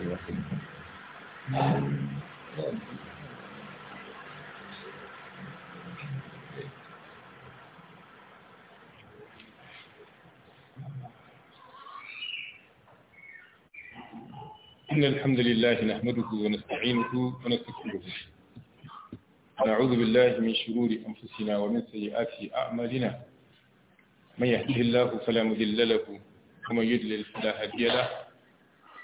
إن الحمد لله نحمده ونستعينه ونستغفره نعوذ بالله من شرور أنفسنا ومن سيئات أعمالنا من يهده الله فلا مذل له ومن يضلل فلا هادي له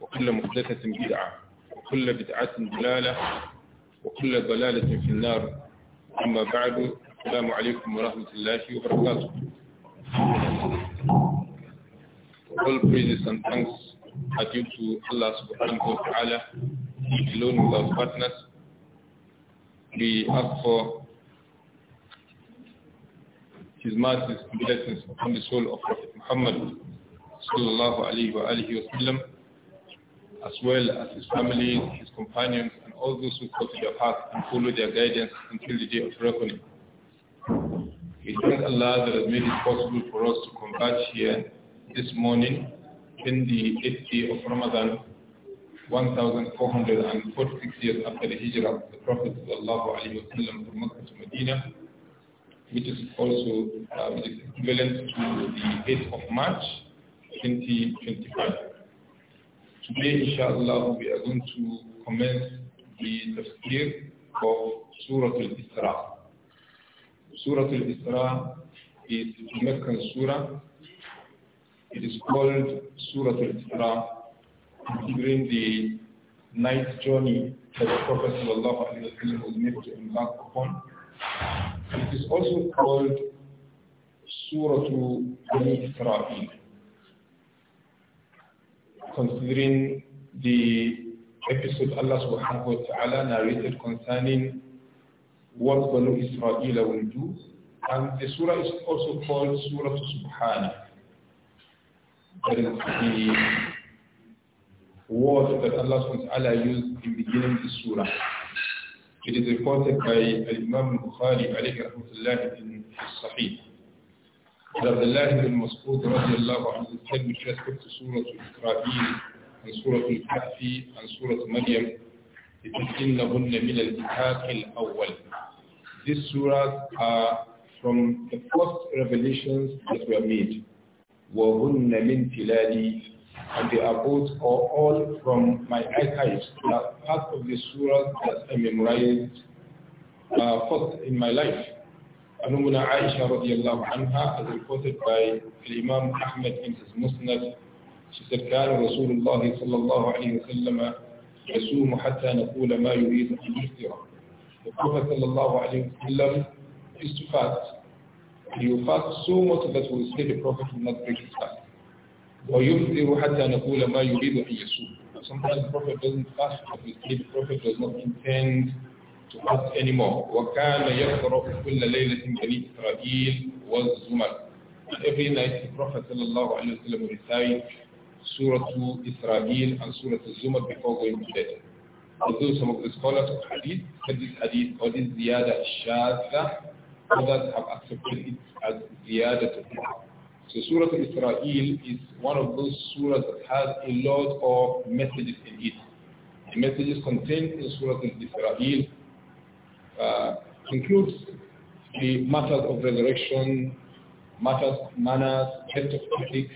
وكل محدثة بدعة وكل بدعة ضلالة وكل ضلالة في النار أما بعد السلام عليكم ورحمة الله وبركاته All praises and thanks are due to Allah subhanahu wa ta'ala alone our partners. We ask for his mercy and blessings upon the soul of Prophet Muhammad sallallahu alayhi wa alihi wa sallam as well as his family, his companions, and all those who fought in their path and followed their guidance until the day of reckoning. We thank Allah that has made it possible for us to converge here this morning in the eighth day of Ramadan, 1446 years after the hijrah of the Prophet from Mecca to Medina, which is also uh, equivalent to the 8th of March 2025. Today, inshallah, we are going to commence the tafsir of Surah Al-Isra. Surah Al-Isra is a Meccan surah. It is called Surah Al-Isra, considering the night journey that the Prophet was able to embark upon. It is also called Surah Al-Israel considering the episode Allah subhanahu wa ta'ala narrated concerning what Banu Israel will do. And the surah is also called Surah Subhana. That is the word that Allah subhanahu wa ta'ala used in beginning the surah. It is reported by Imam Bukhari alayhi rahmatullah in Sahih. عبد الله بن مسعود رضي الله عنه said with respect to Surah Al-Israfil and Surah al is إِنَّهُنَّ مِنَ الْإِحَاقِ الْأَوَّلِ These surahs are from the first revelations that were made. وَهُنَّ مِنْ تِلَالِي And they are both or all from my archives. They part of the surahs that I memorized uh, first in my life. Anumuna Aisha radiallahu anha, as reported by Imam Ahmed in his Musnad, she said, كان رسول الله صلى الله عليه وسلم يصوم حتى نقول ما يريد أن يفطر. The Prophet صلى الله عليه وسلم used to fast. He will fast so much that we say the Prophet will not break his fast. ويفطر حتى نقول ما يريد أن يصوم. Sometimes the Prophet doesn't fast, but we say the Prophet does not intend to us anymore. وَكَانَ يَقْرَأُ كُلَّ لَيْلَةٍ بَنِي إِسْرَائِيلِ وَالزُّمَرِ Every night the Prophet sallallahu alayhi wa sallam recites Surah Israel and Surah Al-Zumar before going to bed. Although some of the scholars of hadith said this hadith or this ziyada shadza, others have accepted it as ziyada So Surah Israel is one of those surahs that has a lot of messages in it. The messages contained in Surah Israel uh, includes the matters of resurrection, matters, manners, health of ethics,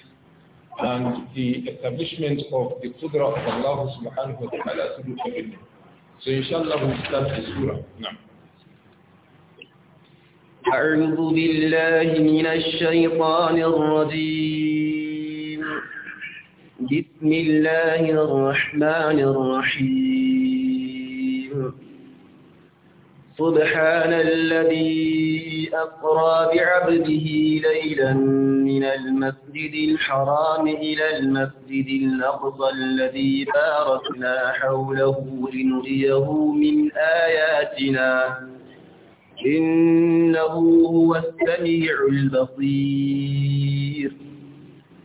and the establishment of the qudra of Allah subhanahu wa ta'ala to do everything. So inshallah we start the surah. Now. أعوذ بالله من الشيطان الرجيم بسم الله الرحمن الرحيم سبحان الذي أقرى بعبده ليلا من المسجد الحرام إلى المسجد الأقصى الذي باركنا حوله لنريه من آياتنا إنه هو السميع البصير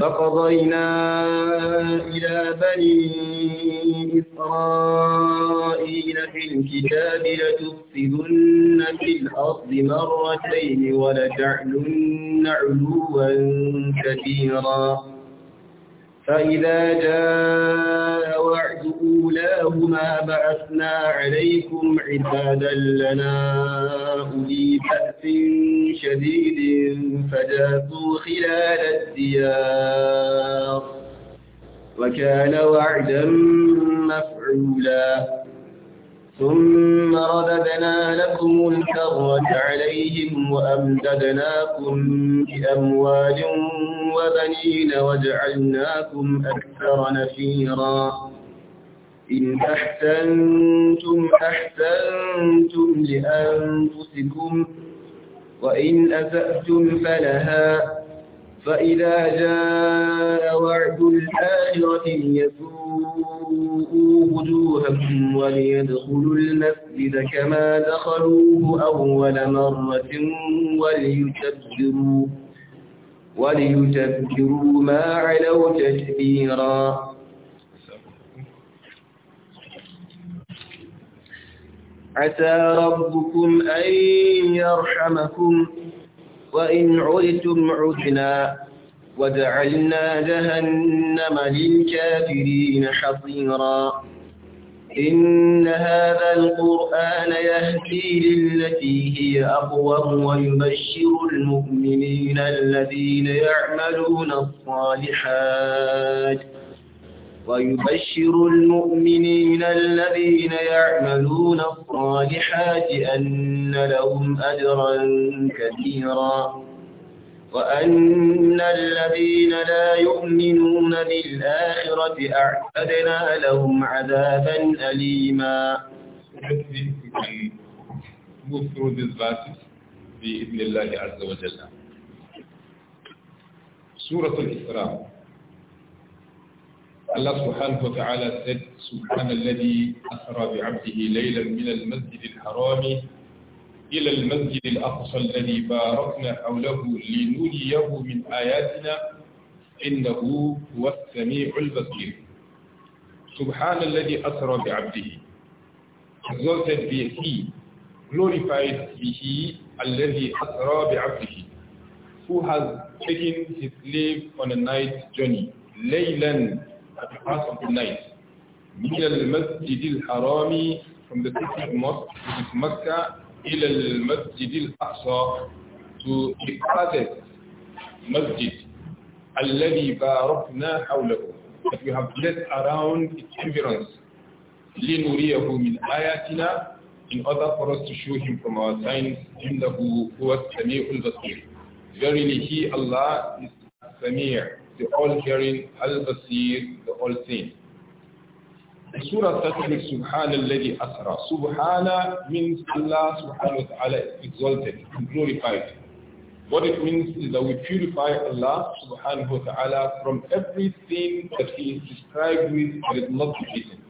فقضينا إلى بني إسرائيل في الكتاب لتفسدن في الأرض مرتين ولتعلن علوا كبيرا فإذا جاء وعد أولاهما بعثنا عليكم عبادا لنا أولي بأس شديد فجاسوا خلال الديار وكان وعدا مفعولا ثم رددنا لكم الكرة عليهم وأمددناكم بأموال وبنين وجعلناكم أكثر نفيرا إن أحسنتم أحسنتم لأنفسكم وإن أسأتم فلها فإذا جاء وعد الآخرة ليسوءوا وجوههم وليدخلوا المسجد كما دخلوه أول مرة وليتبجروا وليتبجروا ما علوا تشبيرا عسى ربكم أن يرحمكم وإن عدتم عدنا وجعلنا جهنم للكافرين حصيرا إن هذا القرآن يهدي للتي هي أقوم ويبشر المؤمنين الذين يعملون الصالحات ويبشر المؤمنين الذين يعملون الصالحات أن لهم أجرا كثيرا وأن الذين لا يؤمنون بالآخرة أعتدنا لهم عذابا أليما بإذن الله عز وجل سورة الإسراء الله سبحانه وتعالى said سبحان الذي أسرى بعبده ليلا من المسجد الحرام إلى المسجد الأقصى الذي باركنا حوله لنريه من آياتنا إنه هو السميع البصير سبحان الذي أسرى بعبده exalted be he glorified be he الذي أسرى بعبده who has taken his slave on a night journey ليلا at the pass of the night. من المسجد الحرام from the sacred mosque which is Mecca إلى المسجد الأقصى to the farthest masjid الذي باركنا حوله that we have led around its environs لنريه من آياتنا in order for us to show him from our signs إنه هو السميع البصير Verily he Allah is Samir the all-hearing, al-basir, the all-seeing. The surah starts with Subhana alladhi asra. Subhana means Allah subhanahu wa ta'ala exalted and glorified. What it means is that we purify Allah subhanahu wa ta'ala from everything that he is described with that is not sufficient.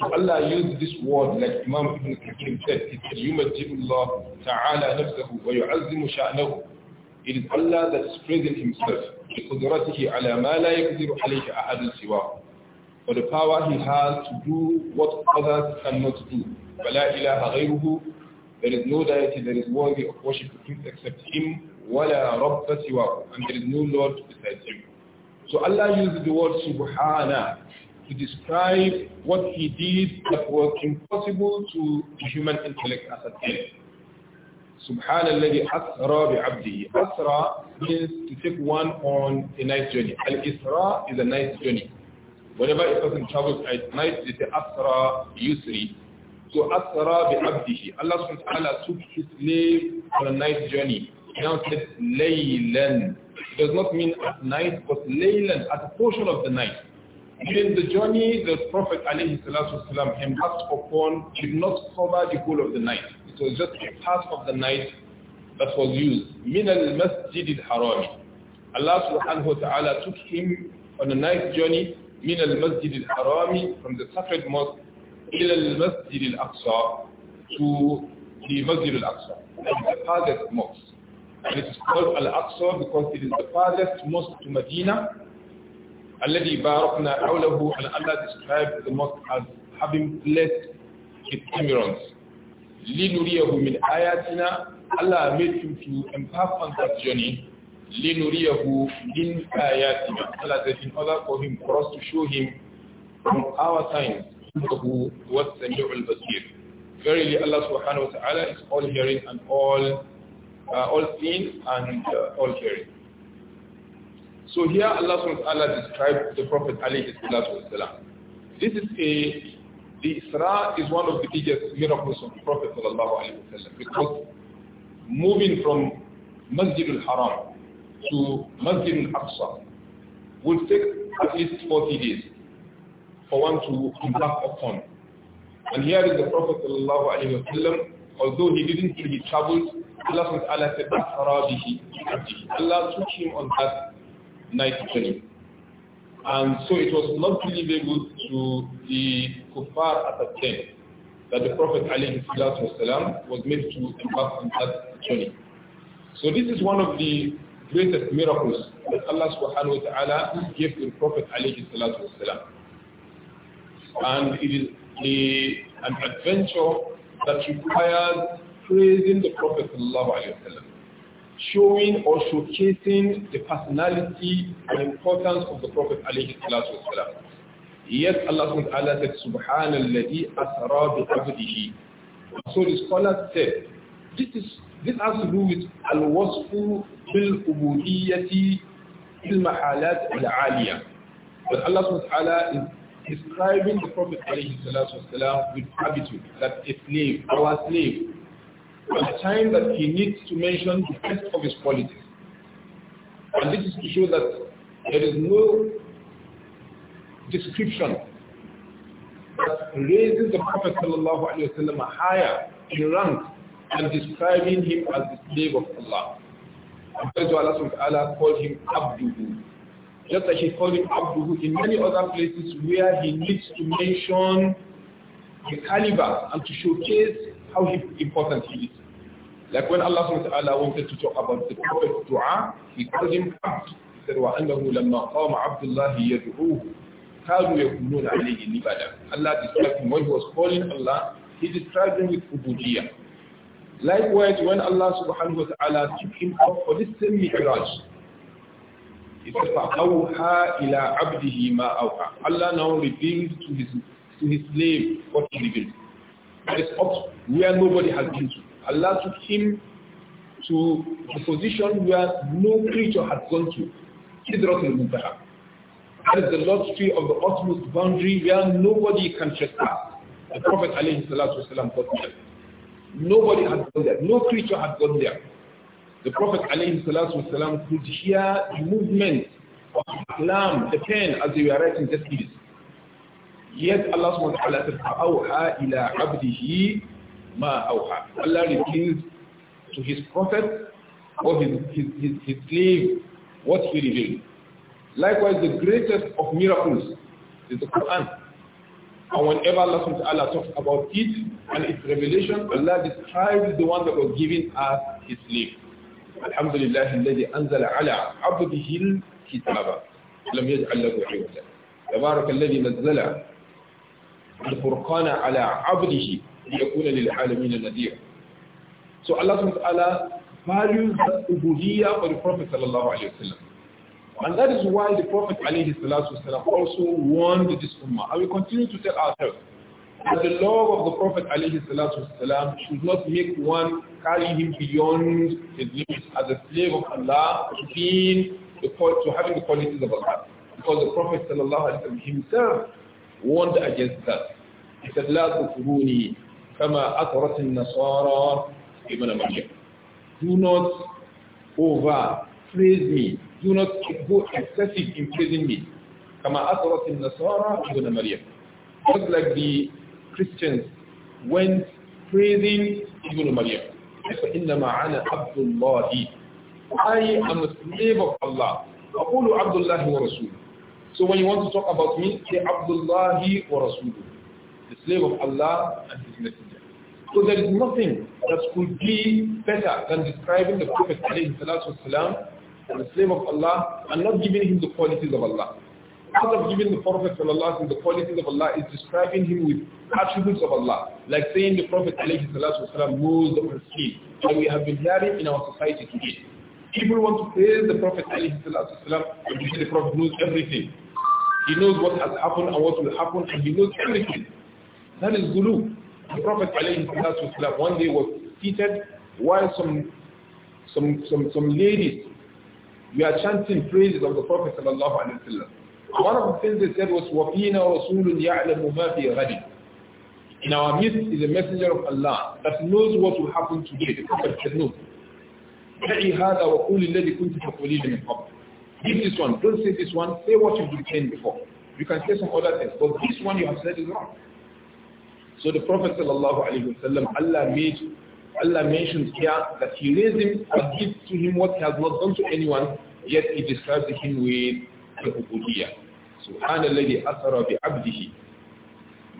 So Allah used this word like Imam Ibn Kathir said, he Allah يُمَجِّدُ اللَّهُ تَعَالَى نَفْسَهُ وَيُعَزِّمُ شَأْنَهُ it is Allah that is praising himself. بِقُدْرَتِهِ عَلَى مَا لَا يَقْدِرُ عَلَيْهِ أَحَدٌ سِوَاهُ For the power he has to do what others cannot do. إِلَهَ غَيْرُهُ There is no deity that is worthy of worship except him. وَلَا رَبَّ سِوَاهُ And there is no Lord besides him. So Allah uses the word subhana to describe what he did that was impossible to the human intellect as a thing. سبحان الذي أسرى بعبده أسرى means to take one on a night journey Al-Isra is a night journey whenever a person travels at night they say Asra Yusri so Asra بعبده Allah subhanahu wa took his slave on a night journey now said Laylan does not mean at night but Laylan at a portion of the night during the journey, the Prophet والسلام, embarked upon did not cover the whole of the night. It was just a part of the night that was used. Min al-Masjid al-Haram. Allah subhanahu wa ta'ala took him on a night journey min al-Masjid al-Haram from the sacred mosque ila al-Masjid al-Aqsa to the Masjid al-Aqsa, the farthest mosque. And it is called al-Aqsa because it is the farthest mosque to Medina الذي باركنا حوله and Allah describes the mosque as having blessed its emeralds. لنريه من آياتنا Allah made him to embark on that journey. لنريه من آياتنا Allah said in order for him for us to show him from our signs who was Verily Allah subhanahu wa ta'ala is all hearing and all uh, all seeing and uh, all hearing. So here Allah Subhanahu wa Taala described the Prophet alayhi salatu This is a, the Isra is one of the biggest miracles of the Prophet sallallahu alayhi wasallam because moving from Masjid al-Haram to Masjid al-Aqsa will take at least 40 days for one to embark upon. And here is the Prophet sallallahu alayhi wasallam, although he didn't really travel, Allah subhanahu wa ta'ala said, Allah took him on that 93. And so it was not believable to the kuffar at that time that the Prophet والسلام, was made to embark on that journey. So this is one of the greatest miracles that Allah subhanahu wa ta'ala gave to the Prophet والسلام. And it is a, an adventure that requires praising the Prophet sallallahu alayhi wa showing or showcasing the personality and importance of the Prophet alayhi salatu wasalam. Yes, Allah SWT said, Subhanalladhi asra bi So the scholar said, this, is, this has to do with al-wasfu bil-ubudiyyati bil-mahalat al-aliyah. But Allah SWT is describing the Prophet alayhi salatu wasalam with habitude, that a slave, our slave, at a time that he needs to mention the best of his qualities. And this is to show that there is no description that raises the Prophet ﷺ higher in rank and describing him as the slave of Allah. And that's why Allah called him Abduhu. Just like he called him Abduhu in many other places where he needs to mention the caliber and to showcase how important he is. Like when Allah SWT wanted to talk about the Prophet's dua, he called him Abd. He said, وَأَنَّهُ لَمَّا قَامَ عَبْدُ اللَّهِ يَدْعُوهُ كَانُوا يَكُنُونَ عَلَيْهِ لِبَدًا Allah described him. When he was calling Allah, he described him with ubudiyah. Likewise, when Allah subhanahu wa ta'ala took him up for this same mi'raj, he said, فَأَوْحَى إِلَىٰ عَبْدِهِ مَا أَوْحَى Allah now revealed to his, to his slave what he revealed. That is up where nobody has been to. Allah took him to a position where no creature had gone to. Sidratul Muntaha. That is the Lord's tree of the utmost boundary where nobody can trespass. The Prophet alayhi salatu wasalam got there. Nobody had gone there. No creature had gone there. The Prophet alayhi salatu wasalam could hear the movement of Islam, the pen as they were writing this piece. Yet Allah subhanahu wa ta'ala said, فَأَوْحَى ma awha. Allah reveals to his prophet or his, his, his, his slave what he revealed. Likewise, the greatest of miracles is the Quran. And whenever Allah subhanahu talks about it and its revelation, Allah describes the one that was given as his slave. الحمد الذي أنزل على عبده الكتاب لم يجعل له عوجا تبارك الذي نزل الفرقان على عبده ليكون للعالمين نذيرا so Allah subhanahu values that ubudiyya for the Prophet sallallahu alayhi wa And that is why the Prophet alayhi salatu also warned this ummah. And we continue to tell ourselves that the love of the Prophet alayhi salatu should not make one carry him beyond his limits as a slave of Allah to being the, to having the qualities of Allah. Because the Prophet sallallahu himself warned against that. He said, لا تكفروني كما أطرت النصارى ابن مريم do not over praise me do not go excessive in praising me كما أطرت النصارى ابن مريم just like the Christians went praising ابن مريم فإنما أنا عبد الله I am a slave of Allah أقول عبد الله ورسوله So when you want to talk about me, say عبد الله ورسوله the slave of Allah and So there is nothing that could be better than describing the Prophet والسلام, and the slave of Allah and not giving him the qualities of Allah. Part of giving the Prophet وسلم, the qualities of Allah is describing him with attributes of Allah. Like saying the Prophet والسلام, knows upon sleep, and we have been hearing in our society today. People want to praise the Prophet والسلام, and say the Prophet knows everything. He knows what has happened and what will happen and he knows everything. That is gulu. The Prophet والسلام, one day was seated while some, some, some, some ladies were chanting praises of the Prophet وسلم. One of the things they said was, وَفِينَا رَسُولٌ يَعْلَمُ مَا فِي In our midst is a messenger of Allah that knows what will happen today. The Prophet said, no. Give this one. Don't say this one. Say what you've been saying before. You can say some other things. But this one you have said is wrong. So the Prophet wasallam, Allah made Allah mentions here that he raised him and gave to him what he has not done to anyone, yet he describes him with al-ubudiyya. Subhanallah asara bi abdihi.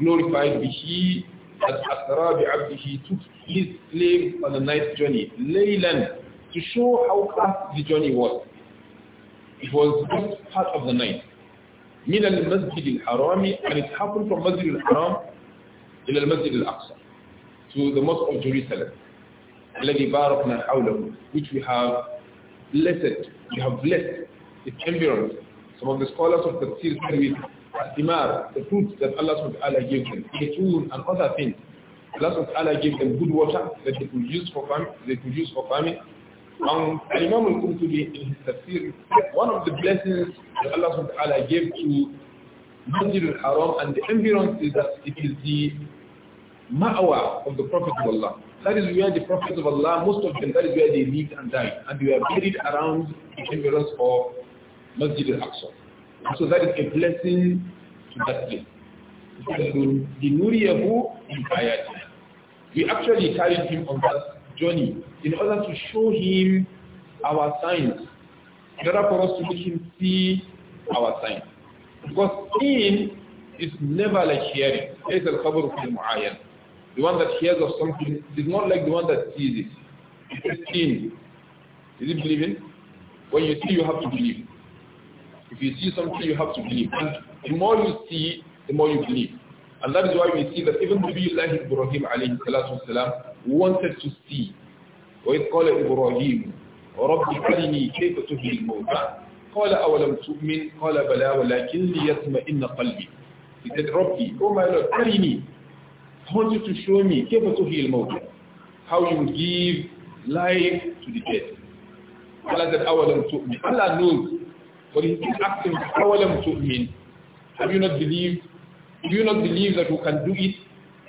Glorified be he that asara bi abdihi took his slave on a night journey, laylan, to show how fast the journey was. It was just part of the night. من المسجد الحرام and it happened from Masjid al-Haram إلى المسجد الأقصى to the mosque of Jerusalem الذي باركنا حوله which we have blessed we have blessed its environs some of the scholars of the seal said with Thimar, the fruits that Allah subhanahu wa taala gave them, Zaytun and other things. Allah subhanahu wa taala gave them good water that they could use for farming, they could use for farming. Um, and Imam al-Qurtubi in his tafsir, one of the blessings that Allah subhanahu wa taala gave to Masjid al-Haram and the environs is that it is the ma'awa of the Prophet of Allah. That is where the Prophet of Allah, most of them, that is where they lived and died. And they were buried around the environs of Masjid al-Aqsa. So that is a blessing to that place. We actually carried him on that journey in order to show him our signs, in order for us to make him see our signs. Because seeing is never like hearing. The one that hears of something is not like the one that sees it. It is seeing. Is it believing? When you see, you have to believe. If you see something, you have to believe. And the more you see, the more you believe. And that is why we see that even Nabiullah Ibrahim alayhi wanted to see. وإذ قال إبراهيم رب أرني كيف تهي الموتى قال أولم تؤمن قال بلى ولكن ليطمئن قلبي He said, Rabbi, oh my Lord, I want you to show me how you give life to the dead. Allah said, أَوَلَمْ تُؤْمِنْ Allah knows. But he keeps asking, أَوَلَمْ تُؤْمِنْ Have you not believed? Do you not believe that you can do it?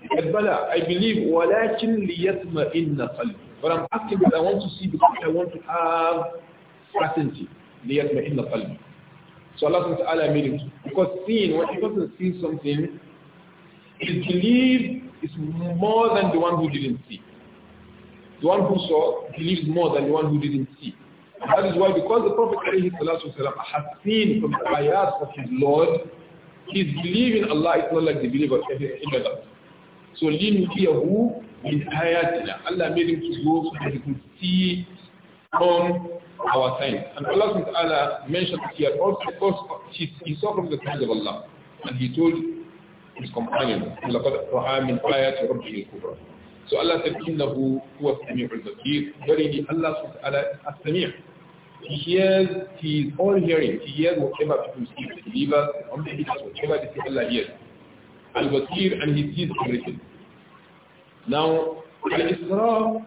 He said, Bala, I believe, وَلَكِنْ لِيَطْمَئِنَّ قَلْبِ But I'm asking that I want to see, because I want to have certainty. لِيَطْمَئِنَّ قَلْبِ So Allah subhanahu Allah ta'ala made it. Because seeing, when a person sees something, is belief is more than the one who didn't see. The one who saw believes more than the one who didn't see. And that is why because the Prophet والسلام, has seen from the ayat of his Lord, his belief in Allah is not like the belief of everyone other. So لِنُكِيَهُ مِنْ آيَاتِنَا Allah made him to go so that he could see from our signs. And Allah subhanahu mentioned here also because he saw from the signs of Allah. And he told his companions. So Allah said, إِنَّهُ هُوَ السَّمِيعُ الْبَصِيرُ Verily Allah is As-Sami' He hears, he is all hearing. He hears whatever people see, the believers, the unbelievers, whatever they see, Allah hears. Al-Basir, and he sees everything. Now, Al-Isra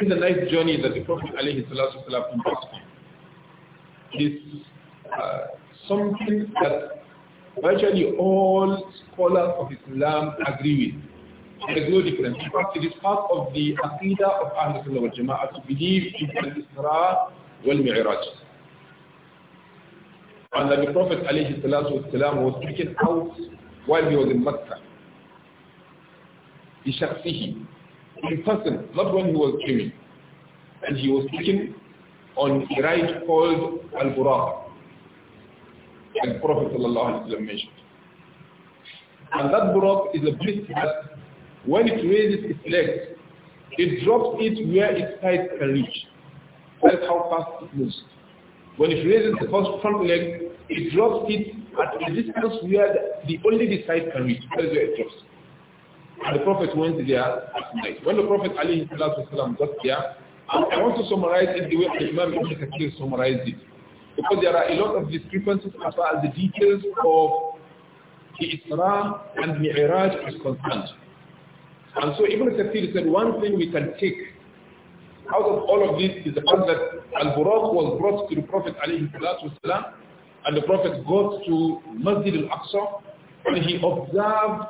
is a nice journey that the Prophet alayhi salatu wasalam embarked on. It's uh, something that virtually all scholars of Islam agree with. There is no difference. In fact, it is part of the aqidah of Ahlul Sunnah wal Jama'ah to believe in Al-Isra wal-Mi'raj. And that the Prophet alayhi salatu was taken out while he was in Makkah. him In person, not when he was dreaming. And he was taken on a ride called Al-Buraq like Prophet ﷺ mentioned. And that burak is a beast that when it raises its legs, it drops it where its size can reach. That's how fast it moves. When it raises the first front leg, it drops it at a distance where the, the only the side can reach. That is where it drops. And the Prophet went there at night. When the Prophet ﷺ got there, I want to summarize it the way Imam Ibn Kathir summarized it. Because there are a lot of discrepancies as far as the details of the Isra and Mi'raj is concerned. And so Ibn Kathir said one thing we can take out of all of this is the fact that Al-Buraq was brought to the Prophet والسلام, and the Prophet got to Masjid al-Aqsa and he observed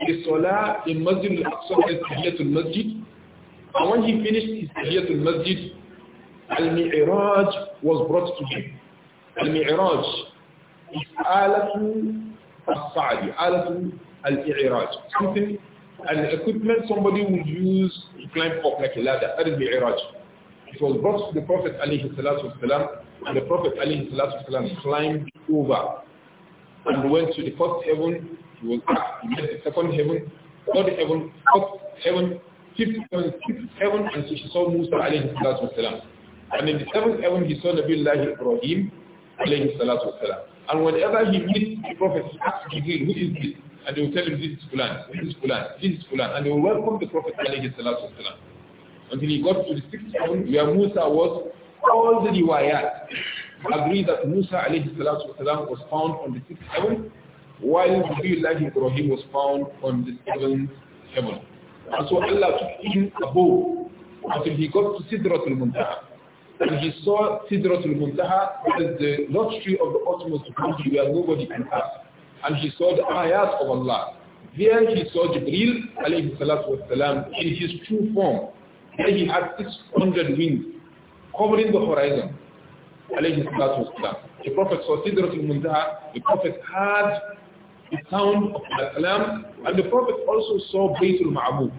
the Salah in Masjid al-Aqsa as Tahiyatul Masjid. And when he finished his Tahiyatul Masjid, Al-Mi'raj was brought to him. Al-Mi'raj is alatu al-sa'adi, alatu al-i'raj. Something, an equipment somebody would use to climb up like a ladder. That is Mi'raj. It was brought to the Prophet alayhi salatu wasalam, and the Prophet alayhi salatu wasalam climbed over and went to the first heaven, he was at the second heaven, third heaven, fourth heaven, fifth heaven, fifth heaven, and so she saw Musa alayhi salatu wasalam. And in the seventh heaven, he saw Nabiullah Ibrahim, alayhi salatu wasalam. And whenever he meets the prophet, he asks Jibril, who is this? And they will tell him, this is Fulan, this is Fulan, this is Fulan. And they will welcome the prophet, alayhi salatu Until he got to the sixth heaven, where Musa was, all the riwayat agree that Musa, alayhi salatu was found on the sixth heaven, while Nabiullah Ibrahim was found on the seventh heaven. And so Allah took him above until he got to Sidratul Muntaha. And he saw Sidratul Muntaha as the lottery of the utmost country where nobody can pass. And he saw the ayat of Allah. There he saw Jibril alayhi salatu wasalam in his true form. There he had 600 wings covering the horizon alayhi salatu wasalam. The Prophet saw Sidratul Muntaha. The Prophet had the sound of Al-Salam. And the Prophet also saw Baytul Ma'amud.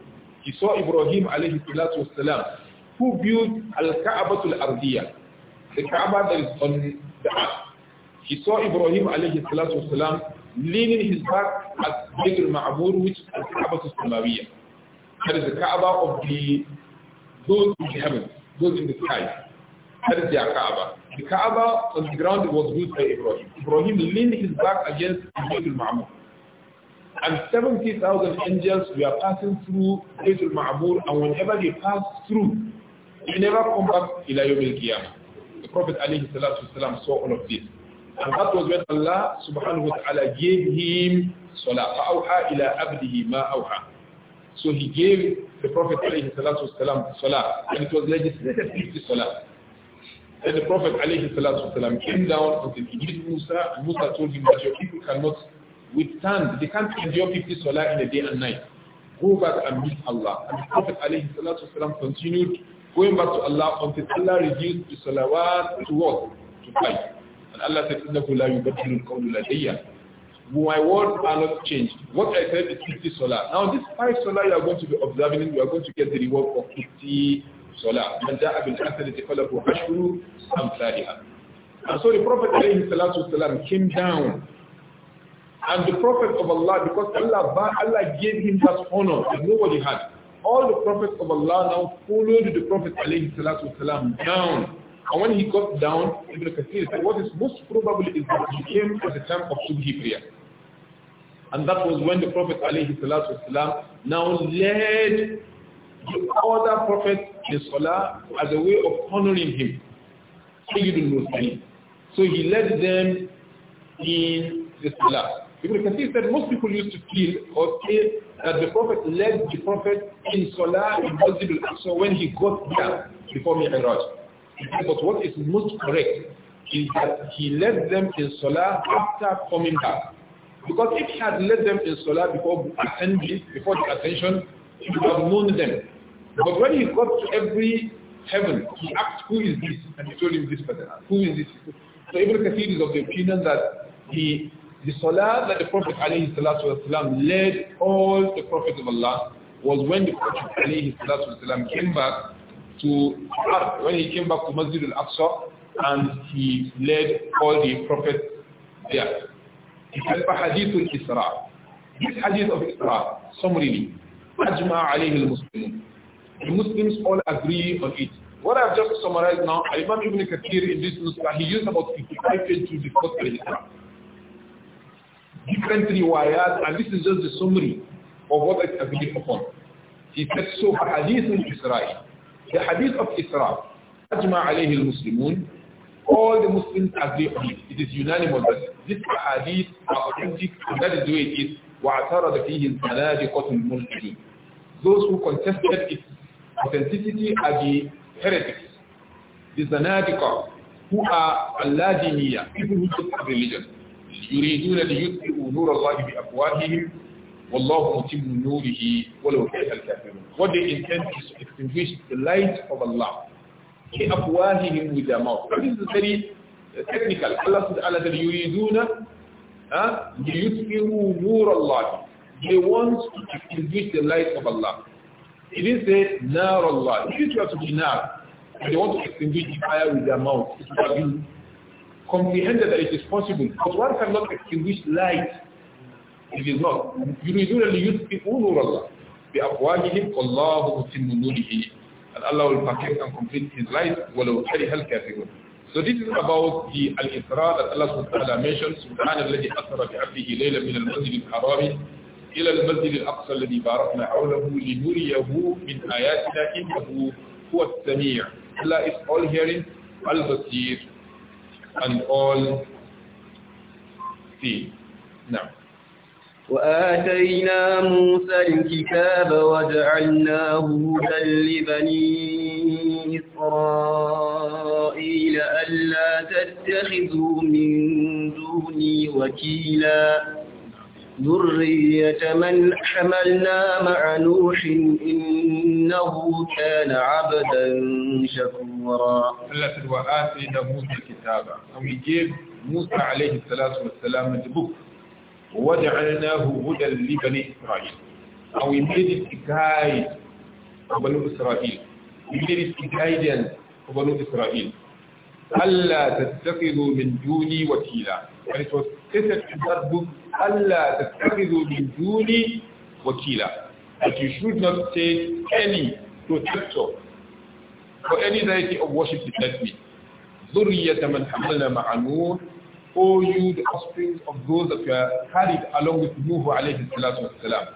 He saw Ibrahim alayhi salatu wasalam who built Al-Ka'abatul Ardiya, the Kaaba that is on the earth. He saw Ibrahim alayhi salatu wasalam leaning his back at the al which is Al-Ka'abatul That is the Kaaba of the those in heaven, those in the sky. That is their Kaaba. The Kaaba on the ground was built by Ibrahim. Ibrahim leaned his back against Bayt al And 70,000 angels were passing through Bayt al and whenever they passed through, they never come back ila yawm al-qiyamah. The Prophet alayhi salatu wasalam saw all of this. And that was when Allah subhanahu wa ta'ala gave him salah. فَأَوْحَى إِلَىٰ أَبْدِهِ مَا So he gave the Prophet alayhi salatu wasalam salah. And it was legislated with the salah. Then the Prophet والسلام, came down until he meet Musa, and Musa told him that your people cannot withstand, they can't endure 50 salah in the day and night. Go back and meet Allah. And the Prophet والسلام, continued going back to Allah until Allah reduced the salawat to what? To five. And Allah said, إِنَّهُ لَا يُبَدِّلُ الْقَوْلُ لَدَيَّ My words are not changed. What I said is 50 salah. Now this 5 salah you are going to be observing, you are going to get the reward of 50 salah. مَنْ جَاءَ بِالْحَسَنَةِ فَلَهُ عَشْرُ أَمْثَالِهَا And so the Prophet ﷺ came down and the Prophet of Allah, because Allah, Allah gave him that honor that nobody had all the prophets of Allah now followed the Prophet salam down. And when he got down, Ibn Kathir said, what is most probable is that he came at the time of Subhi prayer. And that was when the Prophet salam now led the other prophets in Salah as a way of honoring him. So he led them in the Salah. Ibn Kathir said most people used to kill or kill that the Prophet led the Prophet in Salah impossible. So when he got there before Mi'raj. But what is most correct is that he led them in Salah after coming back. Because if he had led them in Salah before assembly, before the ascension, he would have known them. But when he got to every heaven, he asked, who is this? And he told him this person. Who is this? So Ibn Kathir is of the opinion that he the salah that the Prophet والسلام, led all the prophets of Allah was when the Prophet والسلام, came back to when he came back to Masjid al-Aqsa and he led all the prophets there. He said, فحديث الإسراء This hadith of Isra, summarily, أجمع al المسلمون The Muslims all agree on it. What I've just summarized now, Imam Ibn Kathir in this Nusra, he used about 55 pages to discuss the Isra different riwayat, and this is just the summary of what I agreed upon. He said, so hadith of Israel, the hadith of Israel, alayhi al-Muslimun, all the Muslims agree on it. It is unanimous that this hadith are authentic, and that is the way it is. وَاعْتَرَضَ فِيهِ الْمَلَاجِقَةُ الْمُلْحِدِينَ Those who contested its authenticity are the heretics, the Zanadiqa, who are Al-Ladiniya, people who don't have religion. يريدون ليطفئوا نور الله بأفواههم والله متم نوره ولو كره الكافرون What they intend is to extinguish the light of Allah بأفواههم with their mouth. This is very uh, technical. Allah subhanahu wa ta'ala يريدون ليطفئوا نور الله They want to extinguish the light of Allah. It is said, نار الله. It is to be nar. They want to extinguish the fire with their mouth. It would have been comprehended that it is possible. But one cannot extinguish light. It is not. يريدون ليطفئوا نور الله بأقوالهم والله متم نوره and Allah will perfect and complete His light ولو كره الكافرون. So this is about the al-Isra that Allah subhanahu wa ta'ala mentions. سبحان الذي أسرى بعبده ليلا من المسجد الحرام إلى المسجد الأقصى الذي باركنا حوله لنريه من آياتنا إنه هو السميع. Allah is all hearing, all basir, and all see. Now. وآتينا موسى الكتاب وجعلناه هدى لبني إسرائيل ألا تتخذوا من دوني وكيلاً ذرية من حملنا مع نوح إنه كان عبدا شكورا إلا الله وآتينا موسى الكتاب أو يجيب موسى عليه الصلاة والسلام مجبوك وجعلناه هدى لبني إسرائيل أو يمدد التكايد بنو إسرائيل يمدد التكايد بنو إسرائيل ألا تتخذوا من دوني وكيلا يعني that book, Allah tattakhidhu min duni wakila. That you should not take any protector for any deity of worship besides me. ذُرِّيَّةَ مَنْ حَمَلْنَا مَعَ نُوحٍ O you, the offspring of those that were carried along with Nuh alayhi salatu wa salam.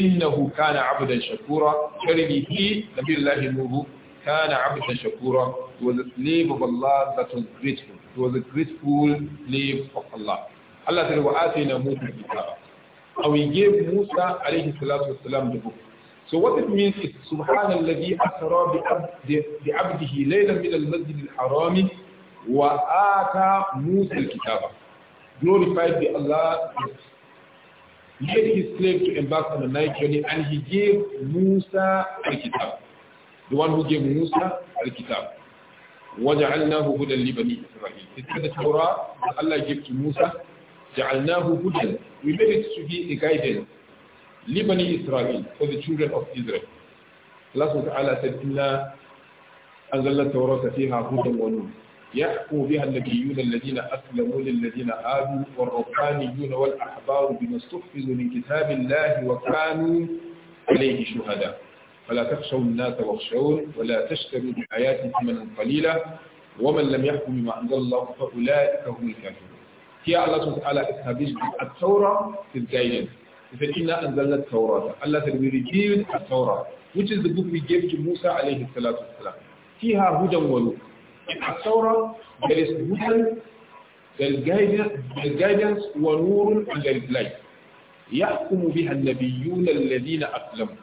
إِنَّهُ كَانَ عَبْدًا شَكُورًا Verily he, Nabi Allah Nuh, كَانَ عَبْدًا شَكُورًا He was a slave of Allah that was grateful. He was a grateful slave of Allah. Allah said wa atina Musa kitaba and we gave Musa alayhi salatu wasalam the book so what it means is سبحان الذي أسرى بعبده Al من wa الحرام Musa Al Kitaba. glorified be Allah made his slave to embark on a night journey and he gave Musa al-Kitab. The one who gave Musa al-Kitab. وَجَعَلْنَاهُ هُدًى لِبَنِي إِسْرَائِيلِ It said the Torah that Allah gave to Musa جعلناه هدى we made it to be a guidance لبني إسرائيل for the children of Israel الله سبحانه وتعالى said إنا أنزلنا التوراة فيها هدى ونور يحكم بها النبيون الذين أسلموا للذين آمنوا والربانيون والأحبار بما استحفظوا من كتاب الله وكانوا عليه شهداء فلا تخشوا الناس واخشون ولا تشتروا بآياتي ثمنا قليلا ومن لم يحكم بما أنزل الله فأولئك هم الكافرون Here Allah SWT established a Torah is guidance. He said, Inna anzalna Torah. Allah said, we revealed a Torah, which is the book we gave to Musa alayhi salatu wasalam. Fiha hudan wa In a Torah, there is hudan, there is guidance, there is guidance, wa nurun, and there is light. يحكم بها النبيون الذين أسلموا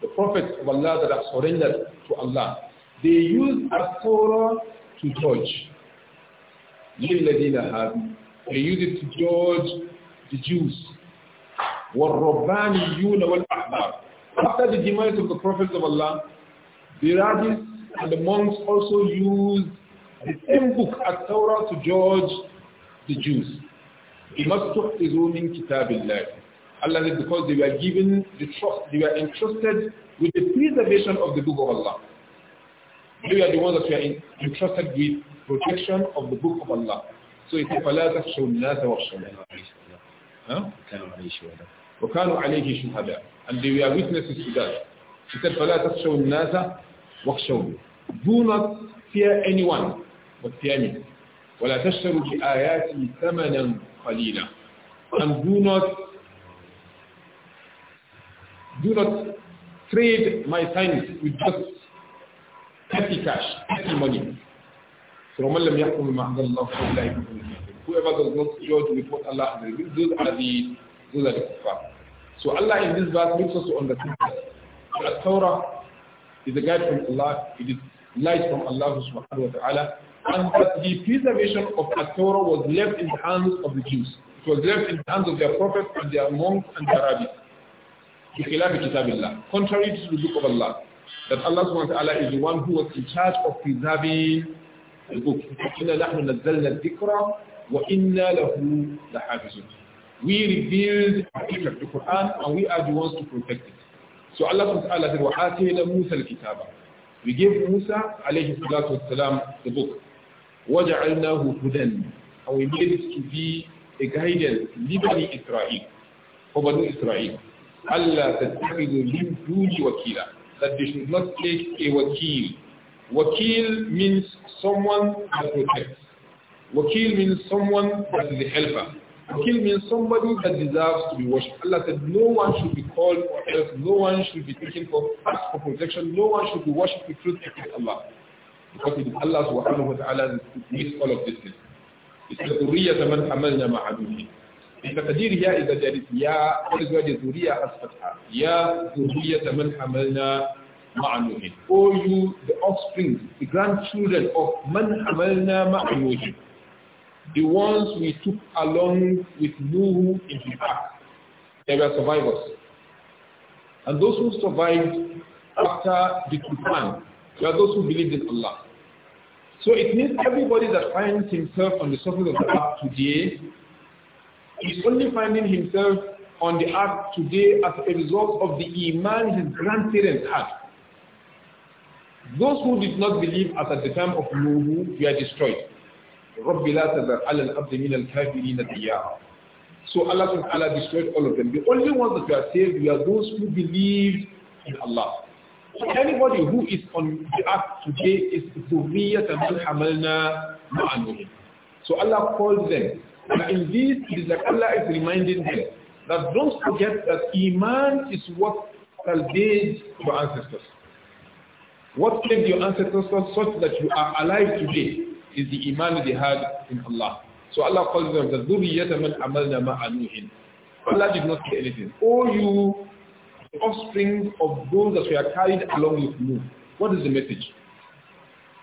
the prophets of Allah that have surrendered to Allah. They use a Torah to judge. لِلَّذِينَ هَادُوا they use it to judge the Jews. After the demise of the prophets of Allah, the rabbis and the monks also used the same book as Torah to judge the Jews. must بِمَا his مِنْ كِتَابِ اللَّهِ Allah said because they were given the trust, they were entrusted with the preservation of the book of Allah. We are the ones that are entrusted with protection of the book of Allah. سويت فلا تخشوا الناس واخشوني كانوا عليه شهداء وكانوا عليه شهداء اللي يا ويتنس السداد كتب فلا تخشوا الناس واخشوني do not fear anyone but fear me ولا تشتروا بآياتي ثمنا قليلا and do not do not trade my signs with just petty cash petty money So وَمَنْ لَمْ يَحْكُمْ مَعْدَ اللَّهِ فَأُولَٰئِكَ هُمُ الْكَافِرُونَ Whoever does not judge with what Allah has revealed, those are the those are the kuffar. So Allah in this verse makes us to understand that Torah is a guide from Allah, it is light from Allah subhanahu wa ta'ala, and that the preservation of the Torah was left in the hands of the Jews. It was left in the hands of their prophets and their monks and their rabbis. Contrary to the book of Allah, that Allah subhanahu wa ta'ala is the one who was in charge of preserving the book. إِنَّا نَحْنُ نَزَّلْنَا الذِّكْرَ وَإِنَّا لَهُ لَحَافِظُونَ We revealed the Quran and we are the ones to protect it. So Allah ta'ala said, وَآتَيْنَا مُوسَى الْكِتَابَ We gave Musa alayhi salatu wasalam the book. وَجَعَلْنَاهُ And we made it to be a guidance, لِبَنِي Israel, for Banu Israel. Allah تَتَّخِذُ مِنْ دُونِ وَكِيلًا That they should not take a wakil Wakil means someone that protects. Wakil means someone that is the helper. Wakil means somebody that deserves to be worshipped. Allah said, no one should be called for help. no one should be taken for, for protection, no one should be worshipped with truth except Allah. Because it is Allah subhanahu wa ta'ala that makes all of this. It's the Uriya man amalna ma'aduhi. In the Qadir here is that there is Ya, what is where the Zuriya has fatha. Ya Zuriya man amalna ma'anuhin. O you, the offspring, the grandchildren of man amalna ma'anuhin. The ones we took along with Nuhu in the ark. They were survivors. And those who survived after the Quran were those who believed in Allah. So it means everybody that finds himself on the surface of the earth today is only finding himself on the earth today as a result of the iman his grandparents had. Those who did not believe as at the time of Nuhu were destroyed. رَبِّ لَا تَذَرْ عَلَى الْأَرْضِ مِنَ الْكَافِرِينَ دِيَارًا So Allah destroyed all of them. The only ones that were saved were those who believed in Allah. So anybody who is on the earth today is ذُرِّيَّةَ مَنْ حَمَلْنَا مَعَنُهِمْ So Allah called them. And in this, it is like Allah is reminding them that don't forget that Iman is what salvaged your ancestors. What made your ancestors such that you are alive today is the iman they had in Allah. So Allah calls them the Zuriyata man amalna ma'anuhin. Allah did not say anything. All oh, you offspring of those that we are carried along with Nuh. What is the message?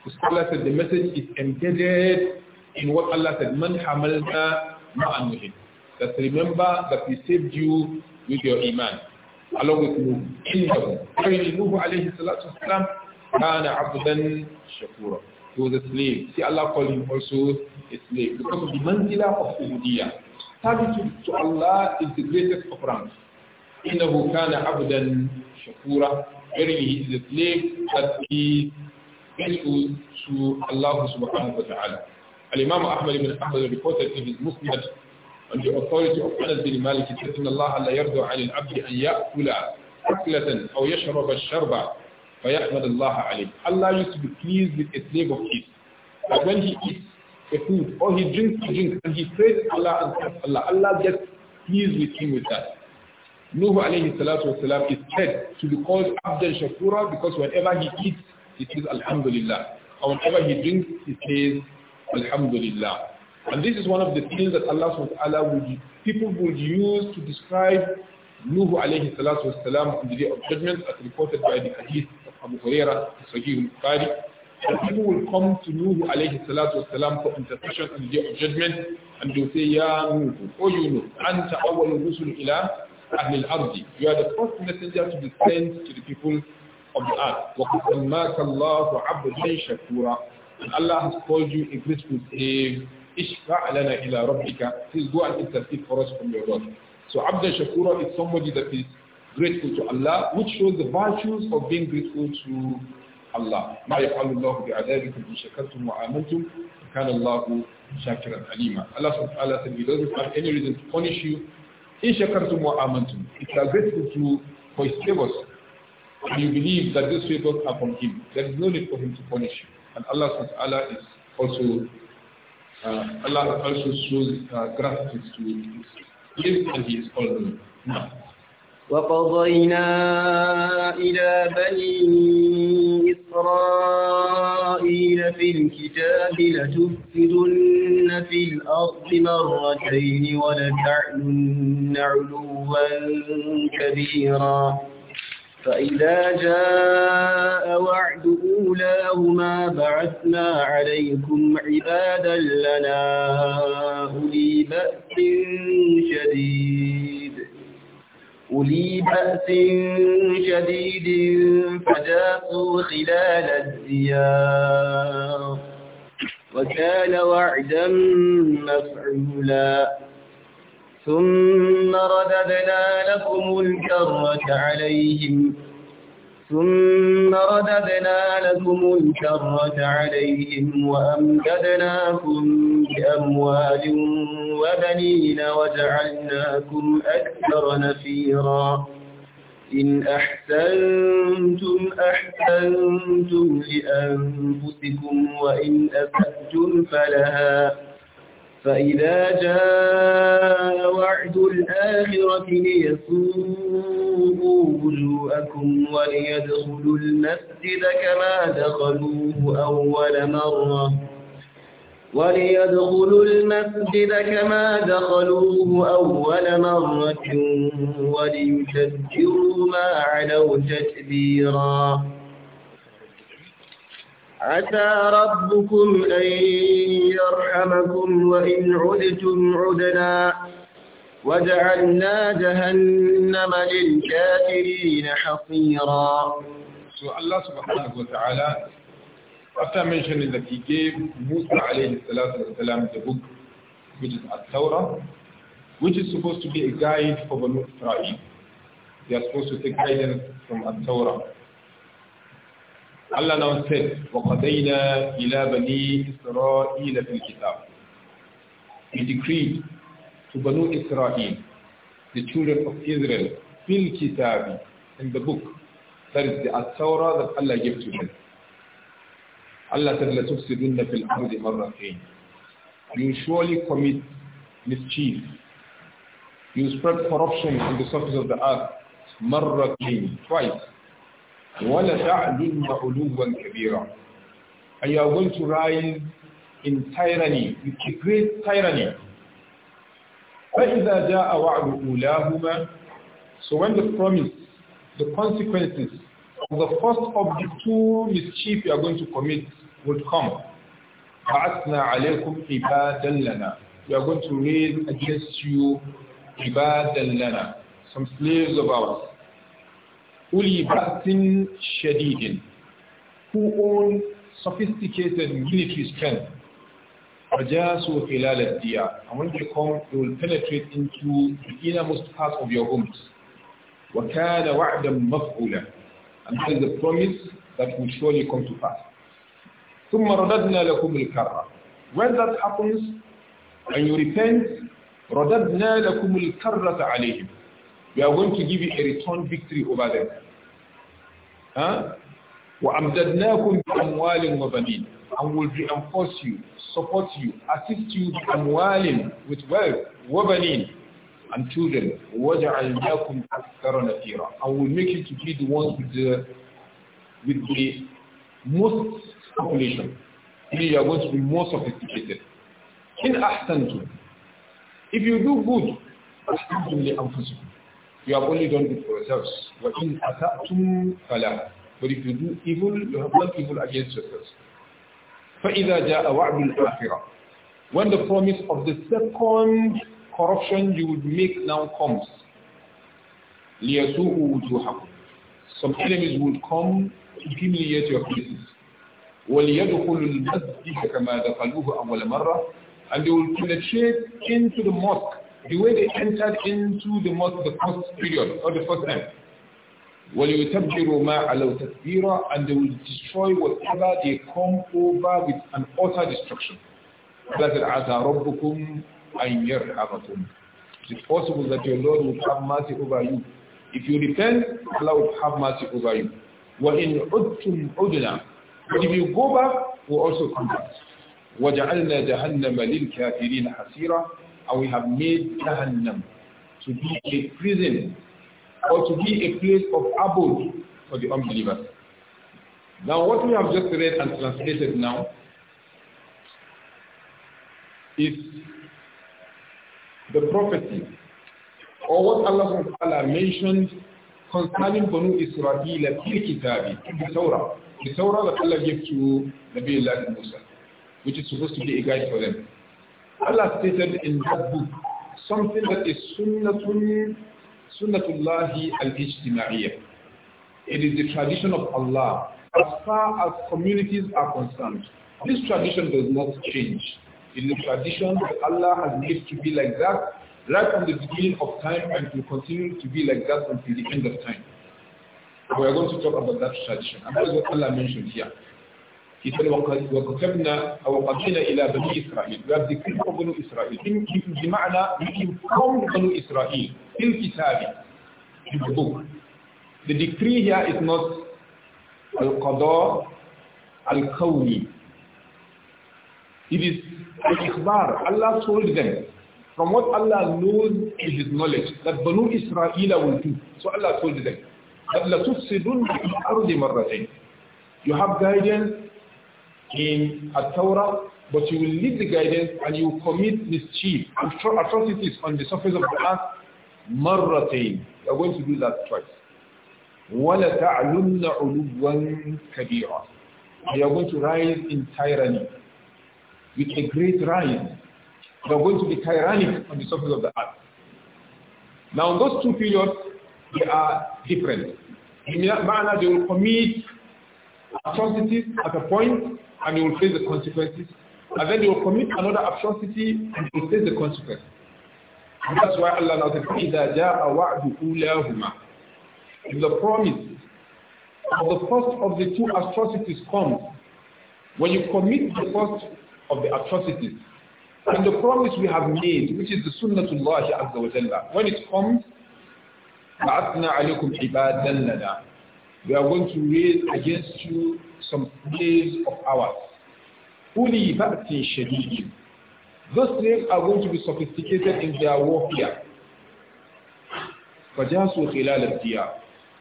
The scholar said the message is embedded in what Allah said, Man hamalna ma'anuhin. That remember that we saved you with your iman. Along with Nuh. Anyway, Nuh alayhi salatu kana abdan shakura he was a slave see Allah called him also a slave because of the manzila of ubudiyya servitude to Allah is the greatest of ranks innahu kana abdan shakura verily he is a slave that he faithful to Allah subhanahu wa ta'ala Al-Imam Ahmad ibn Ahmad reported in his Musnad on the authority of Anas bin Malik that إن الله لا يرضى عن العبد أن يأكل أكلة أو يشرب الشرب. فَيَحْمَدَ اللَّهَ عَلَيْهِ Allah used to be pleased with a slave of his. But when he eats a food or he drinks a drink and he prays Allah and thanks Allah, Allah gets pleased with him with that. Nuh alayhi salatu wasalam is said to be called Abdul Shakura because whenever he eats, he says Alhamdulillah. Or whenever he drinks, he says Alhamdulillah. And this is one of the things that Allah subhanahu wa Taala would, people would use to describe Nuh alayhi salatu wasalam on the day of judgment as reported by the hadith Abu Huraira, Sahih Bukhari, that people will come to Nuhu alayhi salatu wasalam for intercession in the day of judgment and they'll say, Ya Nuhu, O you know, Anta awal rusul ila ahli ardi You are the first messenger to be sent to the people of the earth. وَقَدْ سَمَّاكَ اللَّهُ عَبْدًا شَكُورًا And Allah has called you a grateful slave. Ishfa' lana ila rabbika. Please go and intercede for us from your Lord. So Abdan Shakura is somebody that is grateful to Allah, which shows the virtues of being grateful to Allah. ما يفعل الله بعذابكم إن شكرتم وآمنتم كان الله شاكرا عليما. Allah subhanahu wa ta'ala said, He doesn't have any reason to punish you. إن شكرتم وآمنتم. If you are grateful to, for His favors, and you believe that those favors are from Him, there is no need for Him to punish you. And Allah subhanahu wa ta'ala is also, uh, Allah also shows uh, gratitude to His slaves and He is وقضينا إلى بني إسرائيل في الكتاب لتفسدن في الأرض مرتين ولتعلن علوا كبيرا فإذا جاء وعد أولاهما بعثنا عليكم عبادا لنا أولي بأس شديد أولي بأس شديد فجاسوا خلال الديار وكان وعدا مفعولا ثم رددنا لكم الكرة عليهم ثم رددنا لكم الكرة عليهم وأمددناكم بأموال وبنين وجعلناكم أكثر نفيرا إن أحسنتم أحسنتم لأنفسكم وإن أسأتم فلها فإذا جاء وعد الآخرة ليسوءوا وجوءكم وليدخلوا المسجد كما دخلوه أول مرة وليدخلوا المسجد كما دخلوه أول مرة وليتذكروا ما علوا تتبيراً عسى ربكم أن يرحمكم وإن عدتم عدنا وجعلنا جهنم للكافرين حصيرا So Allah subhanahu wa ta'ala, after mentioning that he gave Musa alayhi salatu the book, which is At-Tawrah, which is supposed to be a guide for the Israel. They are supposed to take guidance from At-Tawrah. Allah now said, We decreed to Banu the children of Israel, fil kitab, in the book. That is the at that Allah gave to them. Allah said, You surely commit mischief. You spread corruption on the surface of the earth. Twice. وَلَتَعْدِلْنَ And you are going to rise in tyranny, with great tyranny. فَإِذَا جَاءَ وَعْدُ أُولَاهُمَا So when the promise, the consequences of the first of the two mischief you are going to commit would come, We are going to raise against you عِبَادًا lana, Some slaves of ours. Uli Ba'tin Shadidin, who own sophisticated military strength. Rajasu Hilal al And when they come, they will penetrate into the innermost part of your homes. وَكَانَ وَعْدًا مَفْعُولًا And that is the promise that will surely come to pass. ثُمَّ رَدَدْنَا لَكُمُ الْكَرَّةِ When that happens, and you repent, رَدَدْنَا لَكُمُ الْكَرَّةَ عَلَيْهِمْ we are going to give you a return victory over them. Huh? وَأَمْدَدْنَاكُمْ بِأَمْوَالٍ وَبَنِينَ And will reinforce you, support you, assist you بِأَمْوَالٍ with wealth, وَبَنِينَ and children. وَجَعَلْنَاكُمْ أَكْثَرَ نَفِيرًا And will make you to be the ones with the, with the most population. Meaning you are going to be more sophisticated. In أَحْسَنْتُمْ If you do good, أَحْسَنْتُمْ لِأَنفُسِكُمْ you have only done good for yourselves. But if you do evil, you have done evil against yourselves. فَإِذَا جَاءَ وَعْدُ الْآخِرَةِ When the promise of the second corruption you would make now comes, لِيَسُوءُ وُجُوهَكُمْ Some enemies would come to humiliate your faces. وليدخلوا المسجد كما دخلوه أول مرة and they will penetrate into the mosque the way they entered into the mosque the first period or the first time. you مَا عَلَوْ تَكْبِيرًا And they will destroy whatever they come over with an utter destruction. Allah said, عَسَى رَبُّكُمْ أَنْ يَرْحَمَكُمْ It's possible that your Lord will have mercy over you. If you repent, Allah will have mercy over you. وَإِنْ عُدْتُمْ عُدْنَا But if you go back, we'll also come back. وَجَعَلْنَا جَهَنَّمَ لِلْكَافِرِينَ حَسِيرًا and we have made Jahannam to be a prison or to be a place of abode for the unbelievers. Now what we have just read and translated now is the prophecy or what Allah SWT mentioned concerning Banu Israel fil kitabi, the Torah. The Torah that Allah gave to Nabi Allah Musa, which is supposed to be a guide for them. Allah stated in that book something that is sunnatun, sunnatullahi al-ijtima'iyyah. It is the tradition of Allah as far as communities are concerned. This tradition does not change. It is a tradition that Allah has made to be like that right from the beginning of time and will continue to be like that until the end of time. We are going to talk about that tradition. And that is what Allah mentioned here. إذا وكتبنا أو قضينا إلى بني إسرائيل وذكرهم بنو إسرائيل بمعنى inform بنو إسرائيل في الكتاب in the book. The decree here is not القضاء الكوني. It is الإخبار. Allah told them from what Allah knows in His knowledge that Banu Israel will do. So Allah told them that لَتُفْسِدُنَّ فِي الْأَرْضِ مَرَّتَيْنِ You have guidance in a Torah, but you will leave the guidance and you will commit mischief and atrocities on the surface of the earth. مرتين. You are going to do that twice. وَلَتَعْلُنَّ عُلُوًّا كَبِيرًا You are going to rise in tyranny with a great rise. You are going to be tyrannic on the surface of the earth. Now those two periods, they are different. In that manner, they will commit atrocities at a point and you will face the consequences. And then you will commit another atrocity and he will face the consequences. And that's why Allah now says, إِذَا جَاءَ If the promise of the first of the two atrocities comes, when you commit the first of the atrocities, and the promise we have made, which is the Sunnah to Allah, when it comes, We are going to raise against you some slaves of ours. Uli Ba'tin Shadid. Those slaves are going to be sophisticated in their warfare. فَجَاسُوا خِلَالَ الدِّيَارِ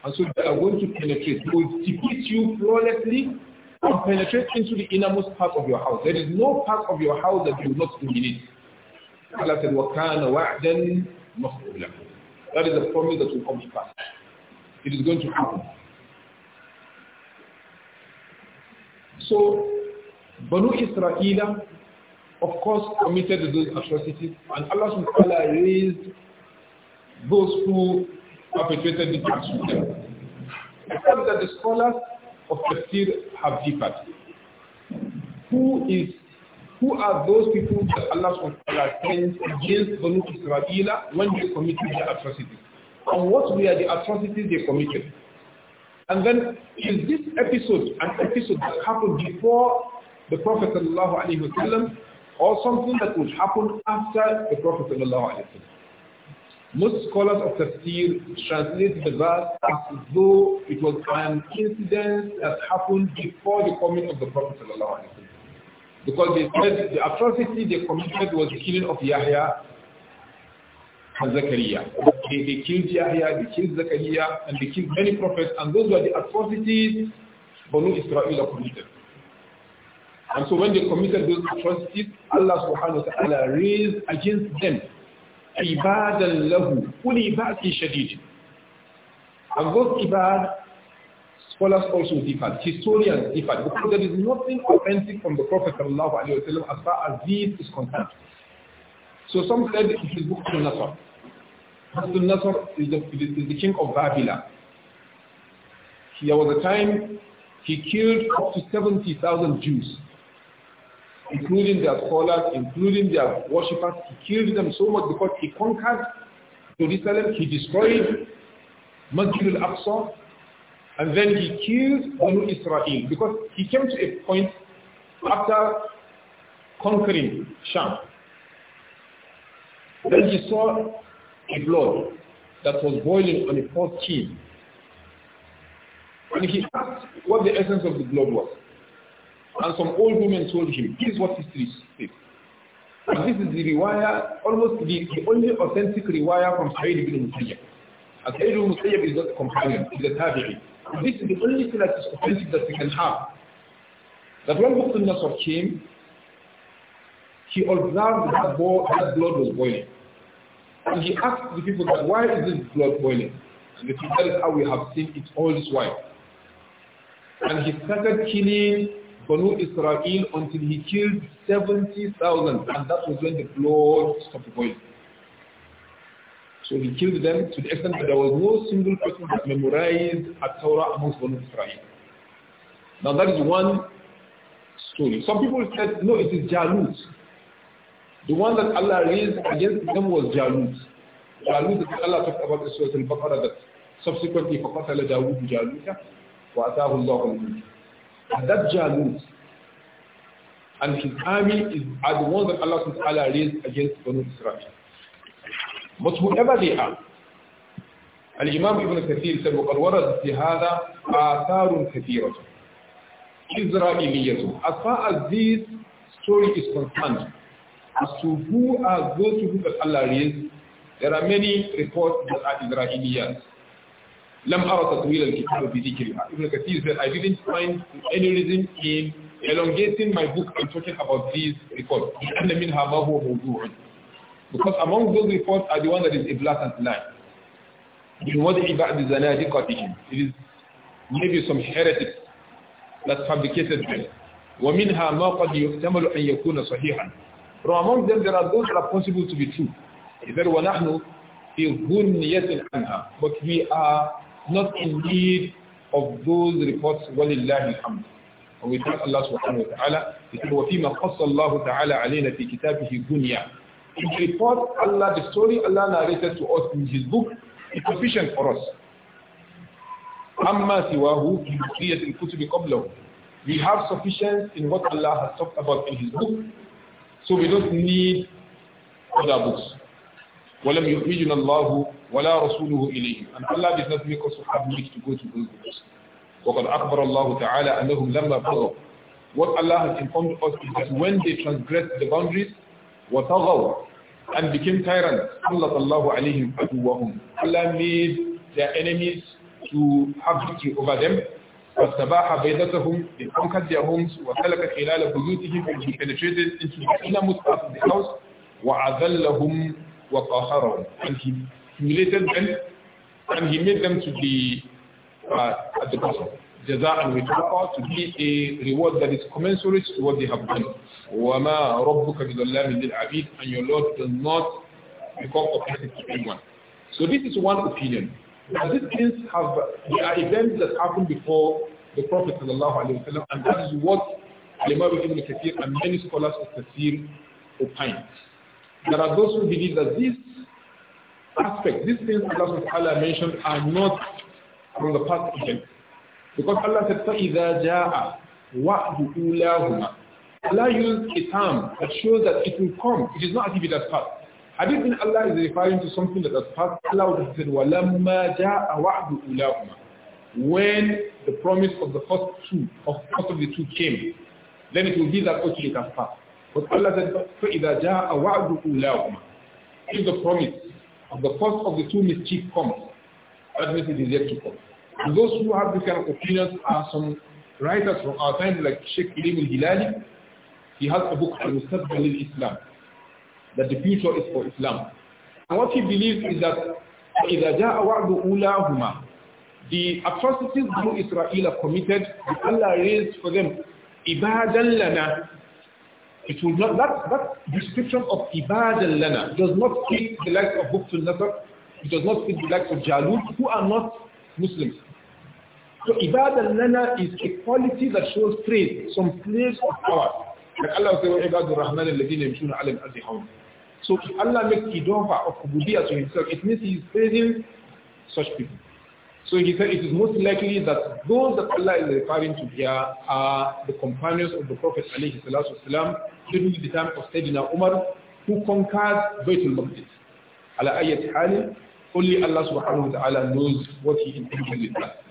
And so they are going to penetrate. They will defeat you flawlessly and penetrate into the innermost part of your house. There is no part of your house that you will not dominate. Allah said, وَكَانَ وَعْدًا That is a promise that will come to pass. It is going to happen. So Banu Israel, of course, committed those atrocities, and Allah subhanahu wa raised those who perpetrated the atrocities. Except that the scholars of Tafsir have differed. Who is who are those people that Allah subhanahu wa ta'ala sends against Banu Israel when they committed the atrocities? And what were the atrocities they committed? And then is this episode an episode that happened before the Prophet ﷺ or something that would happen after the Prophet ﷺ? Most scholars of Tafsir translate the verse as though it was an incident that happened before the coming of the Prophet ﷺ. Because they said the atrocity they committed was the killing of Yahya and They, killed Yahya, they killed Zechariah, and they killed many prophets, and those were the atrocities Banu Israel committed. And so when they committed those atrocities, Allah subhanahu wa ta'ala raised against them ibadan lahu, fully shadid. And those ibad, scholars also differed, historians differed, because there is nothing authentic from the Prophet sallallahu alayhi wa sallam as far as this is concerned. So some said it is Book al Abdul is the, is the king of Babylon. There was a time he killed up to 70,000 Jews, including their scholars, including their worshippers. He killed them so much because he conquered Jerusalem, he destroyed Masjid al-Aqsa, and then he killed Banu Israel because he came to a point after conquering Sham. Then he saw a blood that was boiling on a pot key. And he asked what the essence of the blood was. And some old women told him, this is what history says. And this is the rewire, almost the, the only authentic rewire from Sa'id ibn Musayyab. And Sa'id ibn Musayyab is not a companion, he's a tabi'i. This is the only thing that is authentic that we can have. That when Bukhtul Nasr came, he observed that blood was boiling. And he asked the people that why is this blood boiling? And the people said, us how we have seen it all this while. And he started killing Banu Israel until he killed 70,000. And that was when the blood stopped boiling. So he killed them to the extent that there was no single person that memorized a Torah amongst Banu Israel. Now that is one story. Some people said, no, it is Jalut. The one that Allah raised against them was Jalut. Jalut that Allah talked about in Surah Al-Baqarah that subsequently فَقَتَلَ جَاوُدُ جَالُوتَ وَأَتَاهُ اللَّهُ الْمُلْكَ And that Jalut and his army is, are the ones that Allah SWT raised against Banu Israel. But whoever they are, الإمام ابن كثير said وقد ورد في هذا آثار كثيرة إسرائيلية as far as this story is concerned as to who are those people that Allah raised, there are many reports that are Israeliyans. لم أرى تطويل الكتاب بذكرها. Ibn Kathir said, I didn't find any reason in elongating my book and talking about these reports. لأن منها ما هو موضوع. Because among those reports are the one that is a blatant lie. In what بعد زنادقتهم. It is maybe some heretics that fabricated them. ومنها ما قد يحتمل أن يكون صحيحا. From among them, there are those that are possible to be true. He said, وَنَحْنُ فِي غُنْيَةٍ عَنْهَا But we are not in need of those reports. وَلِلَّهِ الْحَمْدُ And we thank Allah subhanahu wa ta'ala. He said, وَفِيمَا قَصَّ اللَّهُ تَعَالَى عَلَيْنَا فِي كِتَابِهِ غُنْيَةٍ In the report, Allah, the story Allah narrated to us in His book, is sufficient for us. أما سواه في بقية الكتب قبله. We have sufficiency in what Allah has talked about in His book so we don't need other books. وَلَمْ يُخْرِجُنَ اللَّهُ وَلَا رَسُولُهُ إِلَيْهِ And Allah did not make us have to go to those books. وَقَدْ أَخْبَرَ اللَّهُ تَعَالَى أَنَّهُمْ لَمَّا بَغَوْا What Allah has informed us is that when they transgressed the boundaries, وَتَغَوْا And became tyrants, صَلَّتَ اللَّهُ عَلَيْهِمْ فَتُوَّهُمْ Allah made their enemies to have victory over them بيضتهم وسلك خلال بيوتهم and he penetrated into the innermost part of the house وعذلهم وقهرهم and he humiliated them and he made them to be uh, at the bottom جزاء وفاقا to be a reward that is commensurate to what they have done وما ربك بظلام للعبيد and your Lord does not become offensive to anyone so this is one opinion now these things have, they are events that happened before the Prophet وسلم, and that is what Imam Ibn Kathir and many scholars of Kathir opine. There are those who believe that these aspects, these things Allah subhanahu mentioned are not from the past event. Because Allah said, فَإِذَا جَاءَ وَعْدُ أُولَاهُمَا Allah used a term that shows that it will come. It is not as if it has passed. Hadith in Allah is referring to something that has passed. Allah would have said, وَلَمَّا جَاءَ وَعْدُ أُولَاهُمَا When the promise of the first two, of first of the two came, then it will be that okay, it has passed. But Allah said, فَإِذَا جَاءَ وَعْدُ أُولَاهُمَا If the promise of the first of the two mischief comes, that means it is yet to come. And those who have this kind of opinions are some writers from our time like Sheikh Ilim al-Hilali. He has a book, Al-Mustadbal al-Islam that the future is for Islam. And what he believes is that The atrocities that Israel have committed, Allah raised for them ibadan lana. It will not, that, that description of al lana does not fit the likes of Buktul Nasr, it does not fit the likes of Jalud, who are not Muslims. So al lana is a quality that shows praise, some place of power. Like Allah says, so if Allah makes idofa of ubudiyah to himself, it means he is praising such people. So he said it is most likely that those that Allah is referring to here are the companions of the Prophet alayhi salatu wasalam during the time of Sayyidina Umar who conquered Baitul Maqdis. Ala ayat hali, only Allah subhanahu wa ta'ala knows what he intended with that.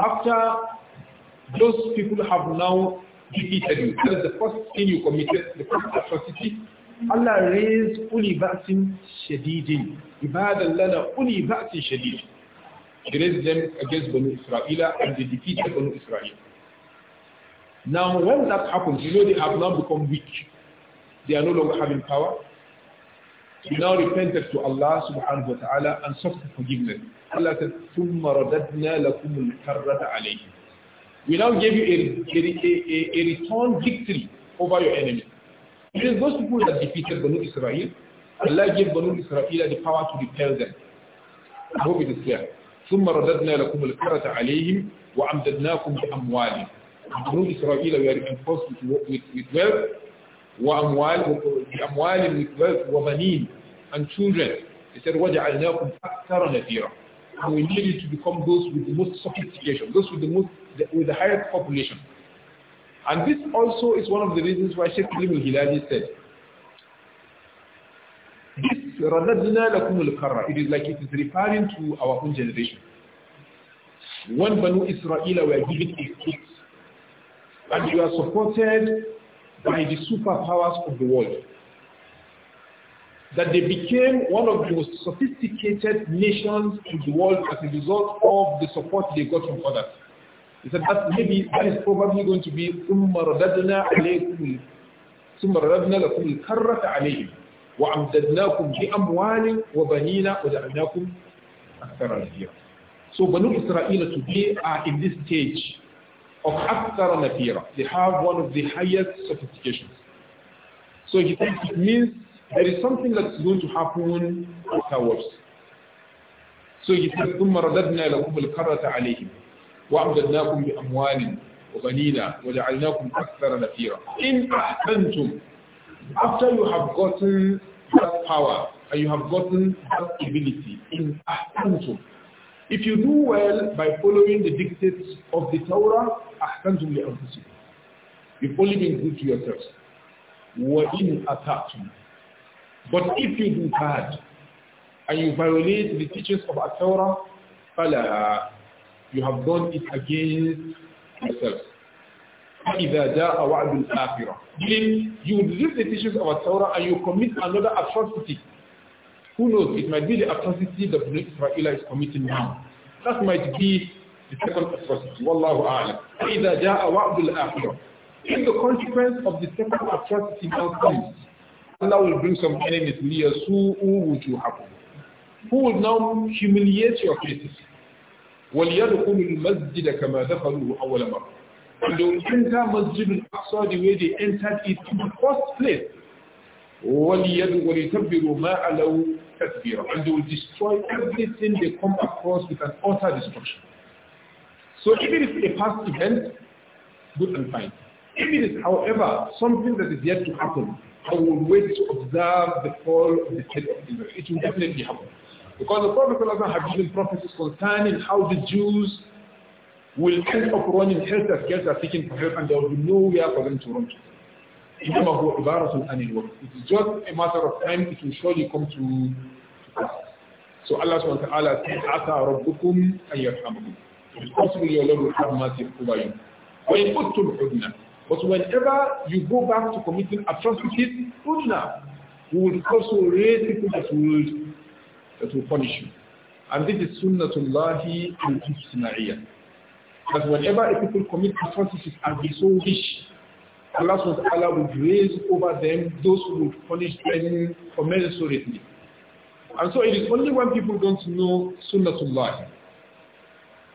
After those people have now defeated you. That is the first sin you committed, the first atrocity. Allah raised uli ba'sin shadidin. Ibadan lana uli ba'sin shadidin. He raised them against Banu Israel and they defeated Banu Israel. Now when that happens, you know they have now become weak. They are no longer having power. They now repented to Allah subhanahu wa ta'ala and sought forgiveness. Allah said, ثُمَّ رَدَدْنَا لَكُمُ الْكَرَّةَ عَلَيْهِمْ we now give you a, a, a, a return victory over your enemy. It is those people that defeated Banu Israel. Allah gave Banu Israel the power to repel them. I hope it is clear. ثم رددنا لكم الكرة عليهم وأمددناكم بأموال بنو إسرائيل we are reinforced with, with, with wealth وأموال بأموال with wealth وبنين and children he said وجعلناكم أكثر نفيرا and we needed to become those with the most sophistication those with the most the, with the highest population. And this also is one of the reasons why Sheikh Ibn Hilali said, this It is like it is referring to our own generation. When Banu Israel were given a gift, and you are supported by the superpowers of the world, that they became one of the most sophisticated nations in the world as a result of the support they got from others. He said that maybe that is probably going to be ثم رددنا عليكم ثم رددنا لكم الكرة عليهم وأمددناكم بأموال وبنين وجعلناكم أكثر نفيرا. So Banu Israel today are in this stage of أكثر نفيرا. They have one of the highest sophistications. So he says it means there is something that's going to happen afterwards. So he says ثم رددنا لكم الكرة عليهم وأمددناكم بأموال وبنينا وجعلناكم أكثر نفيرا إن أحسنتم after you have gotten that power and you have gotten that ability in أحسنتم if you do well by following the dictates of the Torah أحسنتم لأنفسكم you've only been good to yourselves وإن أتعتم but if you do bad and you violate the teachings of Torah فلا you have done it against yourself. you will leave the teachings of Torah and you commit another atrocity. Who knows, it might be the atrocity that the Israel is committing now. That might be the second atrocity. Wallahu a'lam. فَإِذَا If the consequence of the second atrocity now comes, Allah will bring some enemies near who would you happen? Who will now humiliate your faces? وليدخلوا المسجد كما دخلوه أول مرة. And they will enter Masjid al-Aqsa the way they entered it the first place. وَلِيَتَبِّرُوا مَا عَلَوْا And they will destroy everything they come across with an utter destruction. So even if it's a past event, good and fine. If it is, however, something that is yet to happen, I will wait to observe the fall of the state of Israel. It will definitely happen. Because the Prophet had given prophecies concerning how the Jews will end up running helter skelter seeking for help and there will be nowhere for them to run to. It is just a matter of time, it will surely come to pass. So Allah subhanahu wa ta'ala says, Ata rabbukum ayyarhamukum. It is possible your Lord will have mercy over you. When But whenever you go back to committing atrocities, udna. You will also raise people that will to will punish you. And this is sunnatullahi al-isma'iyah. That whenever a people commit atrocities and they so wish, Allah SWT will raise over them those who will punish them commensurately. And so it is only when people don't know sunnatullah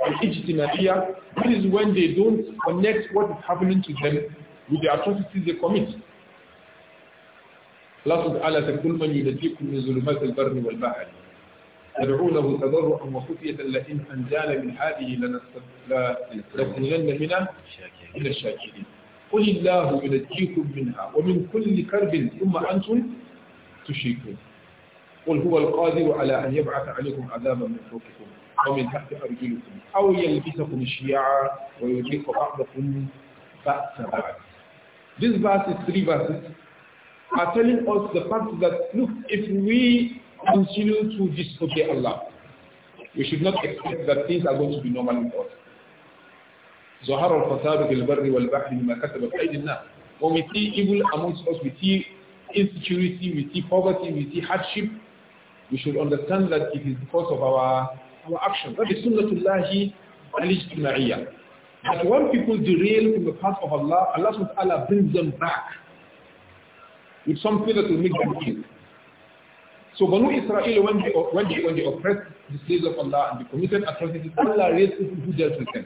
al-ijtima'iyah, this when they don't connect what is happening to them with the atrocities they commit. Allah SWT said, قُلْ مَنْ يُنَجِّكُمْ مِنْ ظُلُمَاتِ الْبَرِّ وَالْبَحْرِ أدعو له تضرعا وخفية لئن أنزال من هذه لنكونن من الشاكرين قل الله ينجيكم منها ومن كل كرب ثم أنتم تشركون قل هو القادر على أن يبعث عليكم عذابا من فوقكم ومن تحت أرجلكم أو يلبسكم شيعا ويذيق بعضكم بأس بعد This verse is three verses, are telling us the fact that, look, if we continue to disobey Allah. We should not expect that things are going to be normal for us. ظهر الفساد في البر والبحر بما كسبت أيدي الناس. When we see evil amongst us, we see insecurity, we see poverty, we see hardship, we should understand that it is because of our our action. That is sunnatullahi to ijtimaiyya That when people derail from the path of Allah, Allah subhanahu wa ta'ala brings them back with something that will make them think. So Banu Israel, when they, when they, when they oppressed the slaves of Allah and they committed atrocities, Allah raised people who dealt with them.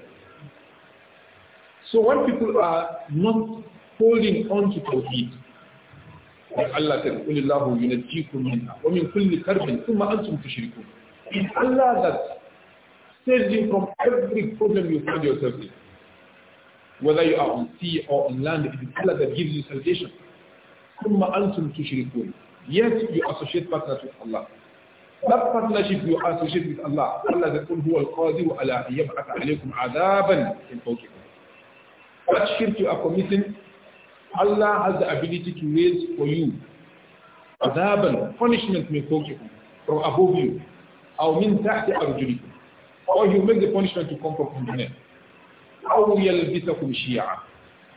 So when people are not holding on to Tawheed, like Allah said, قُلِ اللَّهُ يُنَجِّيكُم مِنْهَا وَمِنْ كُلِّ كَرْبٍ ثُمَّ أَنْتُمْ تُشْرِكُونَ It's Allah that saves you from every problem you find yourself in. Whether you are on sea or on land, it is Allah that gives you salvation. ثُمَّ أَنْتُمْ تُشْرِكُونَ Yes, you associate partners with Allah. That partnership you associate with Allah, Allah said, قُلْ هُوَ الْقَاضِي وَأَلَا يَبْعَثَ عَلَيْكُمْ عَذَابًا in fawqikum. What shirk you are committing, Allah has the ability to raise for you عَذَابًا punishment min fawqikum, from above you, أو من تحت أرجلكم or he will make the punishment to come from underneath. أو يلبسكم شيعا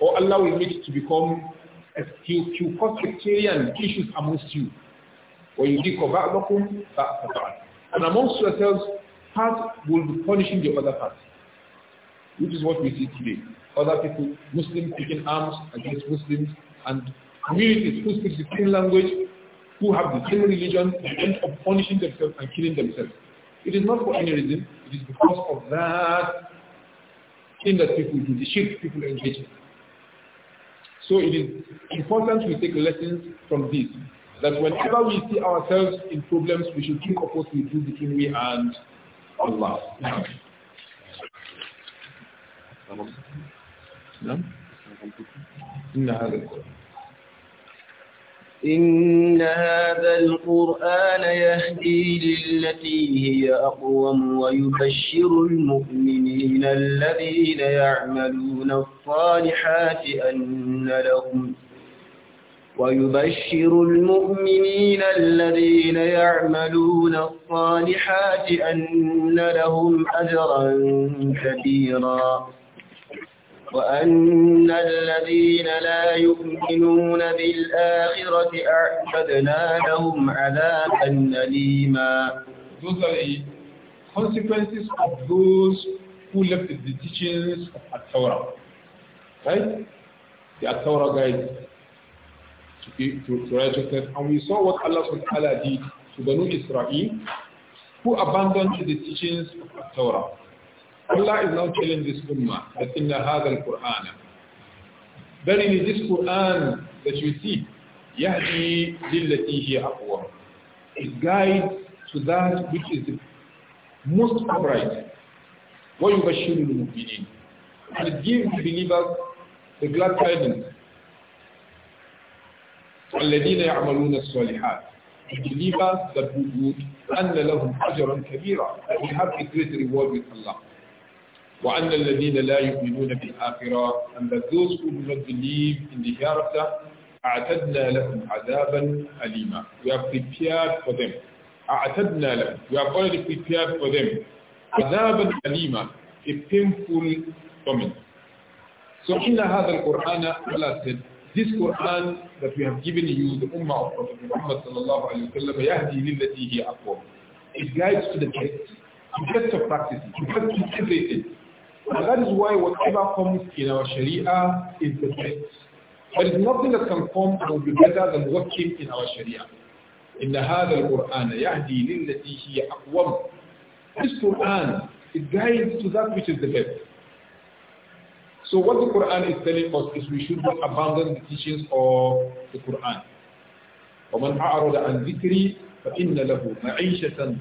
or Allah will make it to become to cause sectarian issues amongst you. وَيُذِيكُ بَعْضَكُمْ بَعْضَ بَعْضٍ And amongst yourselves, part will be punishing the other part, which is what we see today. Other people, Muslims taking arms against Muslims and communities who speak the same language, who have the same religion, end up punishing themselves and killing themselves. It is not for any reason, it is because of that thing that people do, the shirk people engage in. So it is important we take lessons from this, that whenever we see ourselves in problems, we should think of what we do between we and Allah. نعم نعم إن هذا القرآن يهدي للتي هي أقوم ويبشر المؤمنين الذين يعملون الصالحات أن لهم ويبشر المؤمنين الذين يعملون الصالحات أن لهم أجرا كبيرا وأن الذين لا يؤمنون بالآخرة أعتدنا لهم عذابا أليما Those are the consequences of those who left the teachings of al tawrah Right? The al tawrah guys to, be, to, to righteousness. And we saw what Allah SWT did to Banu Israel who abandoned the teachings of al tawrah Allah is now telling this ummah that in Quran. But in this Quran that you see Yahdi للتي هي أقوى It guides to that which is the most upright ويبشر المؤمنين And it gives the believers the glad tidings الذين يعملون الصالحات The believers that do good أن لهم أجرا كبيرا We have a great reward with Allah وأن الذين لا يؤمنون بالآخرة أن that those who do not أعتدنا لهم عذابا أليما we have prepared for them أعتدنا لهم we have already prepared for them عذابا أليما a painful torment so إن هذا القرآن Allah said this Quran that we have given you the Ummah of Prophet Muhammad sallallahu alayhi wa sallam يهدي للتي هي أقوم it guides to the best to best of practices to best of everything And that is why whatever comes in our Sharia is the best. There is nothing that can come that will be better than what came in our Sharia. In the إن the Quran, يهدي للتي هي أقوم. This Quran, it guides to that which is the best. So what the Quran is telling us is we should not abandon the teachings of the Quran. ومن أعرض عن ذكري فإن له معيشة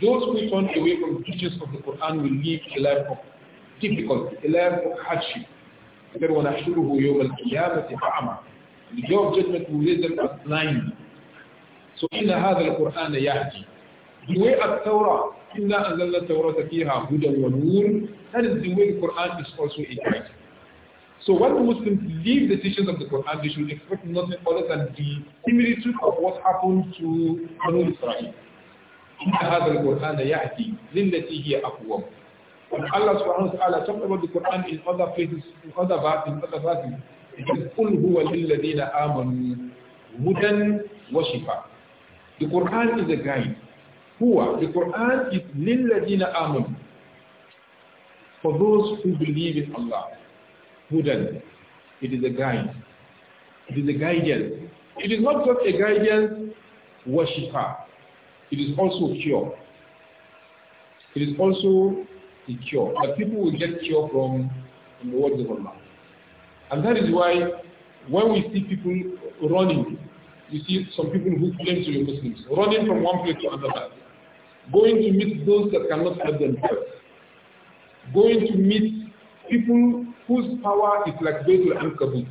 those who turn away from the teachings of the Quran will live a life of difficulty, a life of hardship. Then when أَشْرُهُ يَوْمَ الْقِيَامَةِ فَعَمَى The day of judgment will raise them as blind. So in هَذَا Quran, يَهْدِي The way of Torah, إِنَّا أَنزَلْنَا التَّوْرَةَ فِيهَا هُدًى وَنُورٌ That is the way the Quran is also a guide. So when the Muslims leave the teachings of the Quran, they should expect nothing other than the similitude of what happened to Banu Israel. إن هذا القرآن يأتي للتي هي أقوى الله سبحانه وتعالى ta'ala talked إن قضى Quran قضى other places, in قُلْ هُوَ لِلَّذِينَ آمَنُوا هُدًى وشفاء القرآن is a guide. هو القرآن is لِلَّذِينَ آمَنُوا For those who believe in Allah. هدى It is a guide. It is a guidance. It is not just a guidance, وشفاء It is also cure. It is also a cure. That people will get cure from, the words of Allah. And that is why when we see people running, you see some people who claim to be Muslims, running from one place to another, going to meet those that cannot help themselves, going to meet people whose power is like Betul and Kabul.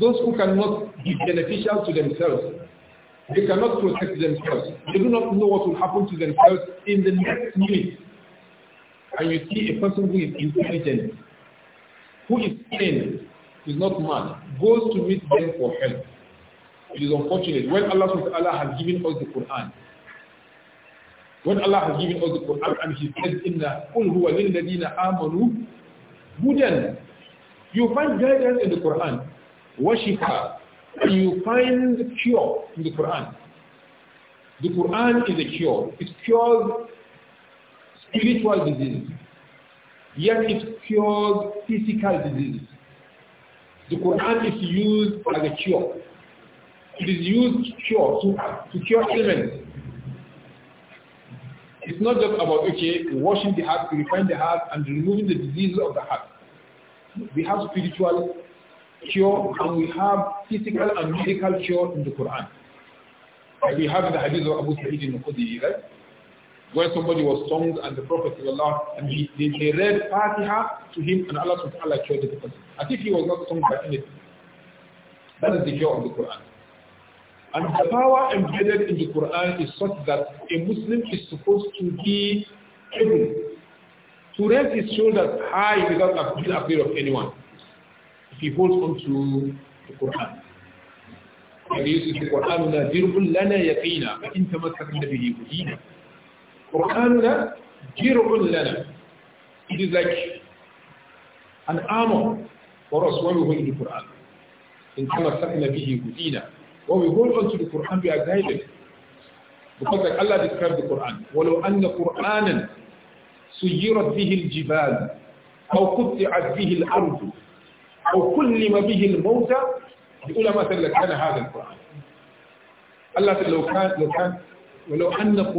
Those who cannot be beneficial to themselves, they cannot protect themselves. They do not know what will happen to themselves in the next minute. And you see a person who is intelligent, who is sane, is not mad, goes to meet them for help. It is unfortunate. When Allah SWT has given us the Quran, when Allah has given us the Quran and He said, Inna قُلْ هُوَ لِلَّذِينَ amanu, هُدًى You find guidance in the Quran. Washifa, and you find the cure in the Quran. The Quran is a cure. It cures spiritual disease, yet it cures physical disease. The Quran is used as a cure. It is used to cure, to, to cure ailments. It's not just about, okay, washing the heart, purifying the heart, and removing the diseases of the heart. We have spiritual cure and we have physical and medical cure in the Quran. we have the hadith of Abu Sa'id al-Khudri, right? Where somebody was stoned and the Prophet Allah and he, they, they read Fatiha to him and Allah subhanahu wa ta'ala cured the person. As if he was not stoned by anything. That is the cure of the Quran. And the power embedded in the Quran is such that a Muslim is supposed to be able to raise his shoulders high without being afraid of anyone. he holds on to the Quran. قرآننا درب لنا يقينا فإن تمسكنا به هدينا قرآننا درب لنا It is like an armor for us when we hold the Quran. In تمسكنا به هدينا When we hold on to the Quran, we are guided. Because like Allah described the Quran, ولو أن قرآنا سيرت به الجبال أو قطعت به الأرض أو كلم به الموتى كان هذا القرآن لو كان لو كان ولو أن there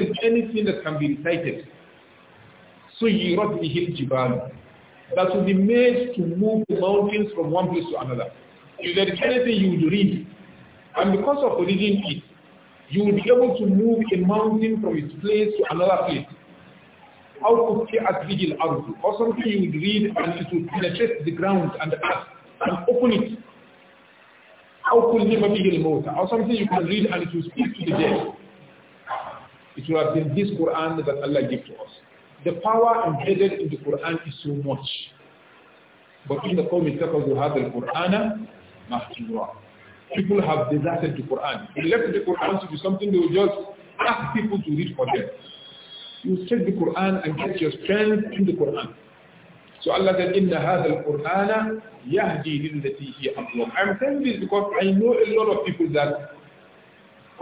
is anything that can be recited سيرت به الجبال that will be made to move the mountains from one place to another. If there is anything you would read, and because of reading it, you will be able to move a mountain from its place to another place. How أو تفتئت به الأرض or something you would read and it would penetrate the ground and the earth and open it How أو كلم به الموتى or something you can read and it will speak to the dead it will have been this Quran that Allah gave to us the power embedded in the Quran is so much but in the we have the Quran, محجورا people have deserted the Quran they left the Quran to be something they will just ask people to read for them you study the Quran and get your strength in the Quran. So Allah said, Inna hadha al-Qur'ana yahdi lillati hiya aqwam. I'm saying this because I know a lot of people that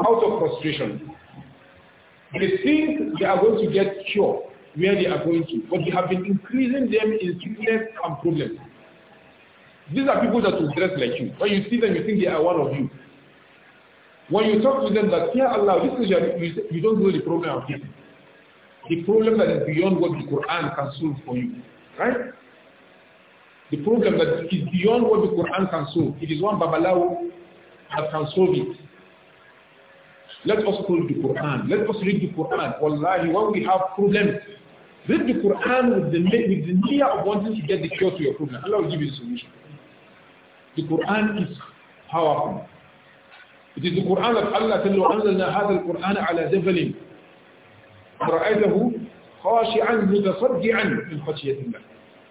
out of frustration, they think they are going to get cured where they are going to, but they have been increasing them in sickness and problems. These are people that will dress like you. When you see them, you think they are one of you. When you talk to them that, yeah, Allah, this is your, you, you don't know the problem of this the problem that is beyond what the Quran can solve for you. Right? The problem that is beyond what the Quran can solve. It is one Babalawo that can solve it. Let us quote the Quran. Let us read the Quran. Wallahi, when we have problems, read the Quran with the, with the idea of wanting to get the cure to your problem. Allah will give you the solution. The Quran is powerful. It is the Quran that Allah said, وَأَنزَلْنَا هَذَا الْقُرْآنَ عَلَى جَبَلٍ رأيته خاشعا متصدعا من خشية الله.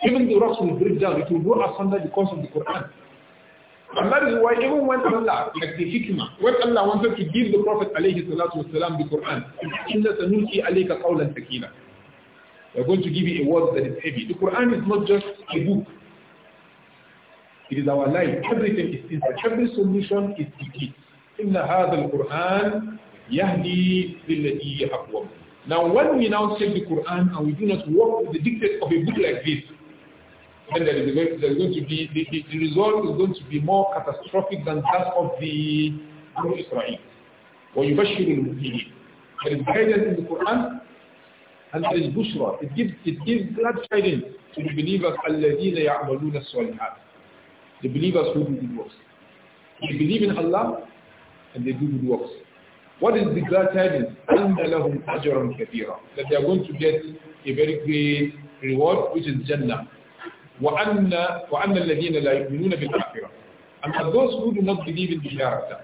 Even the rocks will break down, it will go asunder because of the Quran. And that is why even when Allah, like the hikmah, when Allah wanted to give the Prophet alayhi salatu wasalam the Quran, إِنَّ سَنُلْكِي عَلَيْكَ قَوْلًا سَكِينًا We're going to give you a word that is heavy. The Quran is not just a book. It is our life. Everything is inside. Every solution is in it. إِنَّ هَذَا الْقُرْآنِ يَهْدِي لِلَّذِي أَقْوَمُ Now, when we now take the Quran and we do not work with the dictates of a book like this, then there is, there is going to be the, the, the, result is going to be more catastrophic than that of the Banu Israel. وَيُبَشِّرُ الْمُؤْمِنِينَ There is guidance in the Quran and there is bushra. It gives, it gives glad tidings to the believers الَّذِينَ يَعْمَلُونَ الصَّالِحَاتِ The believers who do good works. They believe in Allah and they do good works. What is begotten is أَنَّ أَجْرًا كَثِيرًا That they are going to get a very great reward, which is Jannah. And وَأَنَّ And those who do not believe in the hereafter,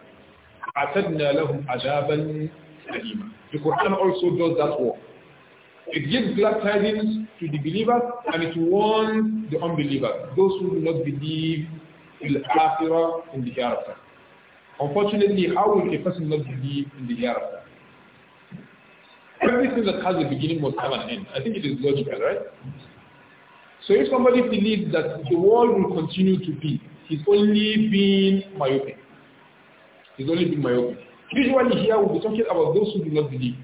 أَعْتَدْنَا لَهُمْ عَذَابًا أَلِيمًا The Quran also does that work. It gives glad tidings to the believers and it warns the unbelievers, those who do not believe in the hereafter. Unfortunately, how will a person not believe in the hereafter? Everything that has a beginning must have an end. I think it is logical, right? So if somebody believes that the world will continue to be, he's only being myopic. He's only being myopic. Usually here we'll be talking about those who do not believe.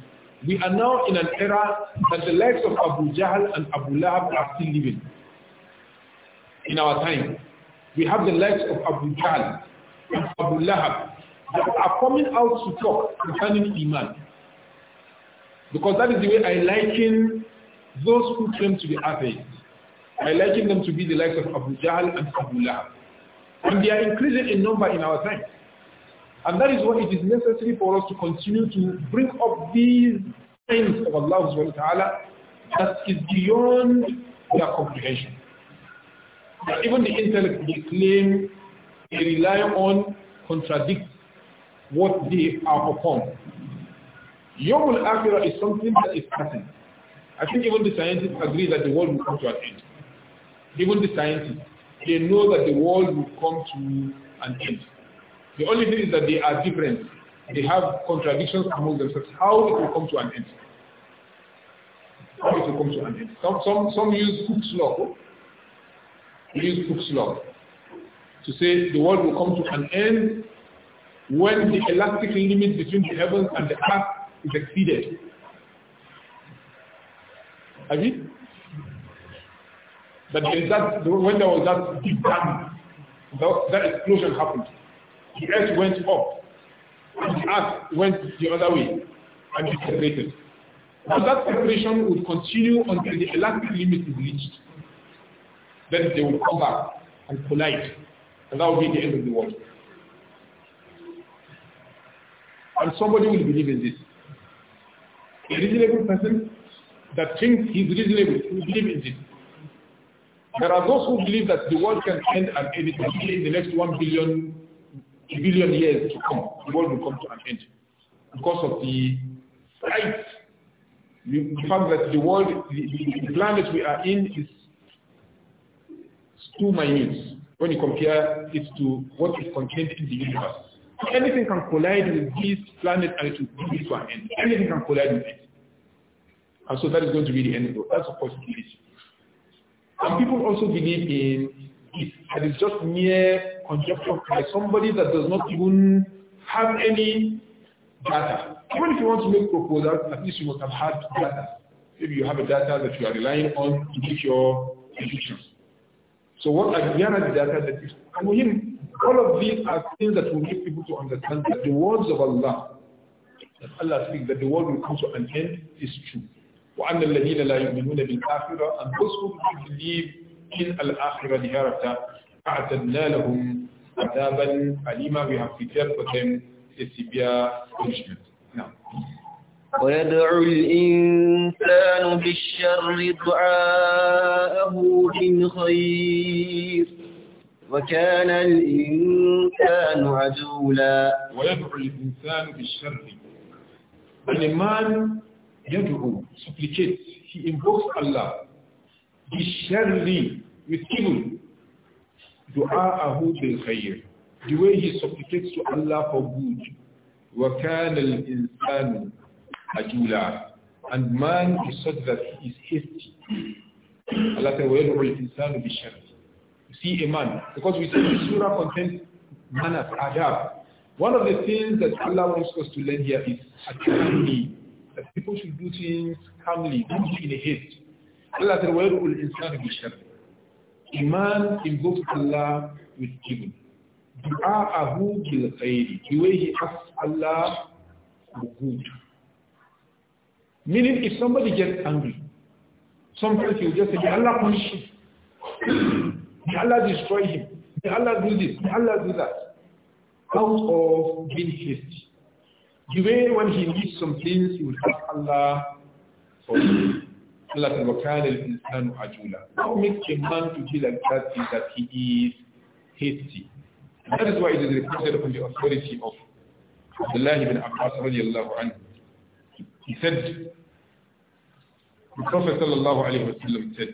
We are now in an era that the likes of Abu Jahl and Abu Lahab are still living. In our time, we have the likes of Abu Jahl and Abu Lahab that are coming out to talk concerning Iman. Because that is the way I liken those who claim to be atheists. I liken them to be the likes of Abu Jahl and Abu Lahab. And they are increasing in number in our time. And that is why it is necessary for us to continue to bring up these signs of Allah subhanahu wa ta'ala that is beyond their comprehension. That even the intellect they claim they rely on contradict what they are upon. Yawmul Akhirah is something that is certain. I think even the scientists agree that the world will come to an end. Even the scientists, they know that the world will come to an end. The only thing is that they are different. They have contradictions among themselves. How it will come to an end. How it will come to an end. Some, some, some use Cook's law. use Cook's law to say the world will come to an end when the elastic limit between the heavens and the earth is exceeded. I mean, But that, when there was that big bang, that, that explosion happened. The earth went up, and the earth went the other way, and it separated. Now that separation would continue until the elastic limit is reached. Then they will come back and collide. And that will be the end of the world. And somebody will believe in this. A reasonable person that thinks he's reasonable will believe in this. There are those who believe that the world can end at any time in the next one billion billion years to come. The world will come to an end because of the fight. fact that the world, the, the planet we are in is too minute when you compare it to what is contained in the universe. Anything can collide with this planet and it will bring to an end. Anything can collide with it. And so that is going to be the end of it. That's a possibility. And people also believe in it it's just mere conjecture by somebody that does not even have any data. Even if you want to make proposals, at least you must have had data. Maybe you have a data that you are relying on to make your predictions. So what Ajnana did that that is All of these are things that will make people to understand that the words of Allah, that Allah speaks, that the world will come to an end, is true. وأن الذين لا يؤمنون بالآخرة and those who believe in الآخرة the أعتدنا لهم عذابا أليما we have prepared for them a severe punishment. ويدعو الإنسان بالشر دعاءه بالخير وكان الإنسان عجولا ويدعو الإنسان بالشر When a man يدعو supplicates he invokes Allah بالشر with evil دعاءه بالخير the way he supplicates to Allah for good وكان الإنسان ajula. And man is such that he is hasty. Allah said, وَيَدْعُ الْإِنسَانُ بِالشَّرِّ You see a man, because we see the surah contains manners, adab. One of the things that Allah wants us to learn here is calmly, that people should do things calmly, do not be in a haste. Allah said, وَيَدْعُ الْإِنسَانُ بِالشَّرِّ A man invokes Allah with evil. دُعَاءَهُ بِالْخَيْرِ The way he asks Allah for good. Meaning, if somebody gets angry, sometimes will just say, Allah punish him. Allah destroy him. Allah do this. Allah do that. Out of being hasty. The way when he needs some things, he will ask Allah for him. Allah وَكَانَ الْإِنسَانُ عَجُولًا What makes a man to be like that is that he is hasty. That is why it is reported from the authority of Abdullah ibn Abbas radiallahu anhu he said, the Prophet sallallahu alayhi wa sallam said,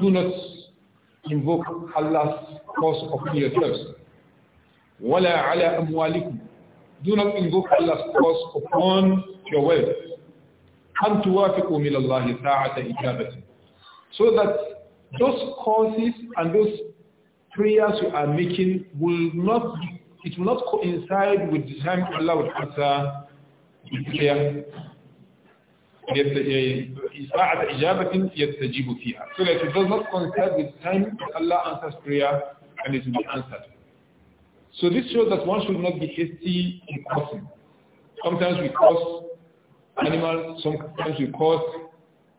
Do not invoke Allah's cause upon yourselves. ولا على أموالكم. Do not invoke Allah's cause upon your wealth. أن توافقوا من الله ساعة So that those causes and those prayers you are making will not be it will not coincide with the time Allah would answer the prayer. Eh, so that it does not coincide with the time that Allah answers prayer and it will be answered. So this shows that one should not be hasty in causing. Sometimes we cause animals, sometimes we cause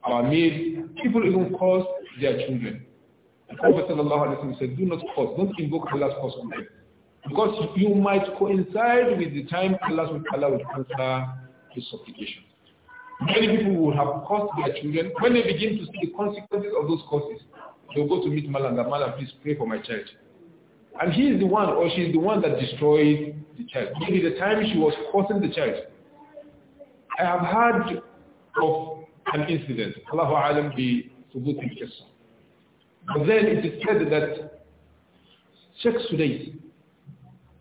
our maids, people even cause their children. The Prophet said, do not because don't invoke Allah's curse on them. Because you might coincide with the time Allah will answer his supplication. Many people will have cursed their children. When they begin to see the consequences of those causes. they'll go to meet Malanga. Malanga, please pray for my child. And he is the one or she is the one that destroyed the child. Maybe the time she was causing the child. I have heard of an incident. Allahu alam bi subut But then it is said that Sheikh Sudais,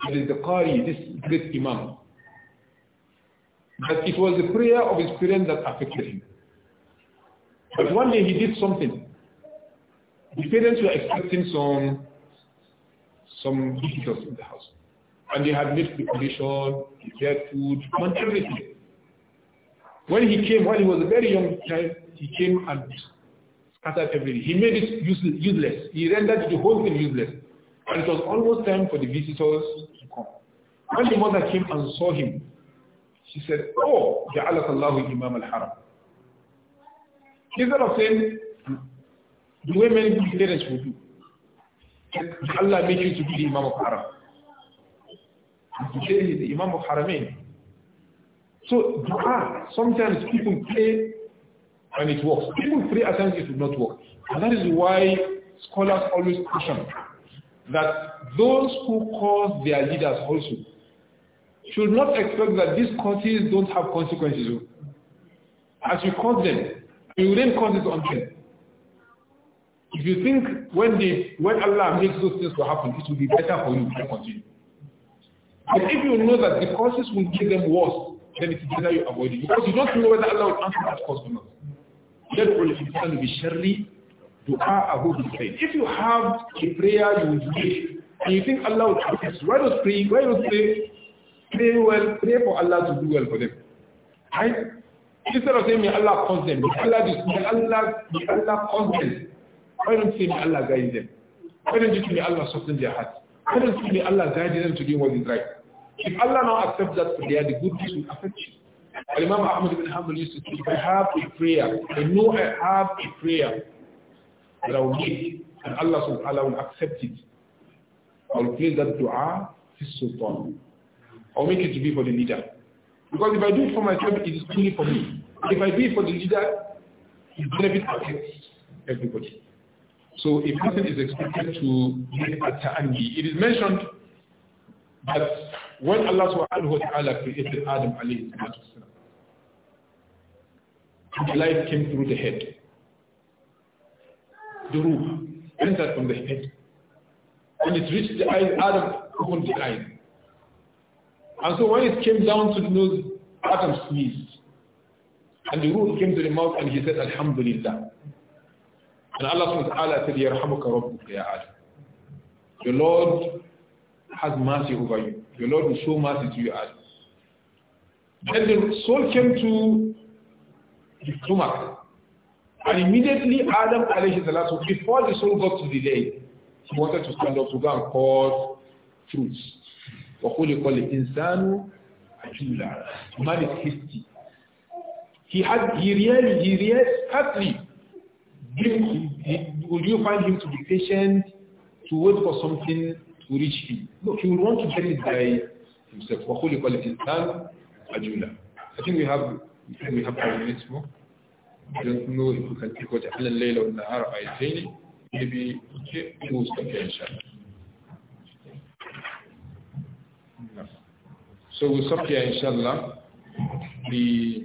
that is the Qari, this great Imam. But it was the prayer of his parents that affected him. But one day he did something. The parents were expecting some some visitors in the house. And they had made preparation, prepared food, and everything. When he came, when he was a very young child, he came and scattered everything. He made it useless. He rendered the whole thing useless. And it was almost time for the visitors to come. When the mother came and saw him, she said, Oh, جعلك الله Imam al-Haram. Instead of saying, the way many parents would do, Allah made you to be the Imam of Haram. to is the Imam of Haramain. So dua, sometimes people pray and it works. People pray at times it will not work. And that is why scholars always caution that those who cause their leaders also should not expect that these causes don't have consequences. Oh. As you cause them, you then cause it on them. If you think when they, when Allah makes those things to happen, it will be better for you to continue. But if you know that the causes will make them worse, then it's better you avoid it. Because you don't know whether Allah will answer that cause or not. To a good thing. If you have a prayer you will make, and you think Allah will accept this, why not pray? Why not pray? Pray well, pray for Allah to do well for them. Right? Instead of saying, may Allah cause them, may Allah, just, may Allah, may Allah cause them. Why don't you say, may Allah guide them? Why don't you say, may Allah soften their hearts? Why don't you say, may Allah guide them to do what is right? If Allah now accepts that prayer, the good things will affect you. Imam Ahmad ibn Hanbal used to say, If I have a prayer. I know I have a prayer that I will make, and Allah subhanahu wa ta'ala will accept it. I will place that dua his sultan. I will make it to be for the leader. Because if I do it for myself, it is only for me. If I do it for the leader, it benefits everybody. So a person is expected to make a ta'angi. It is mentioned that when Allah subhanahu wa ta'ala created Adam alayhi salatu the life came through the head the roof, entered from the head. and it reached the eyes, Adam opened the eyes. And so when it came down to the nose, Adam sneezed. And the roof came to the mouth and he said, Alhamdulillah. And Allah subhanahu wa ta'ala said, Yarhamuka Rabbuka ya Adam. Your Lord has mercy over you. Your Lord will show mercy to you, Adam. Then the soul came to the stomach and immediately Adam alayhi salatu, before the soul got to the day, he wanted to stand up to go and call fruits. call it? إِنسَانُ عَجُولًا Man is hasty. He had, he really, he really, hardly. Would you find him to be patient, to wait for something to reach him? No, he would want to get it by himself. call it? إِنسَانُ عَجُولًا I think we have, we have five minutes more. idan kun yi kukan ciko ta halin laila wanda har a yi sai ne ya bi ce ku sauke in sha so we stop here inshallah the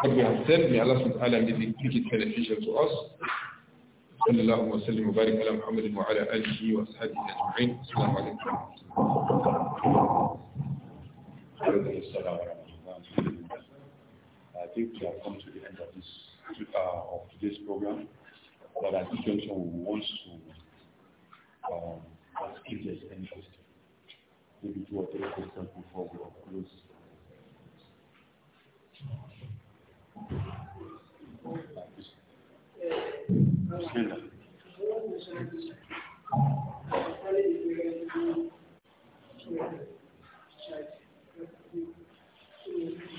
what we have said may Allah subhanahu wa ta'ala make it beneficial to us صلى الله وسلم وبارك على محمد وعلى اله واصحابه اجمعين السلام عليكم السلام عليكم I think we have come to the end of this uh, of today's program. But I think also we want to um, ask if there's any question. Maybe two or three questions before we close.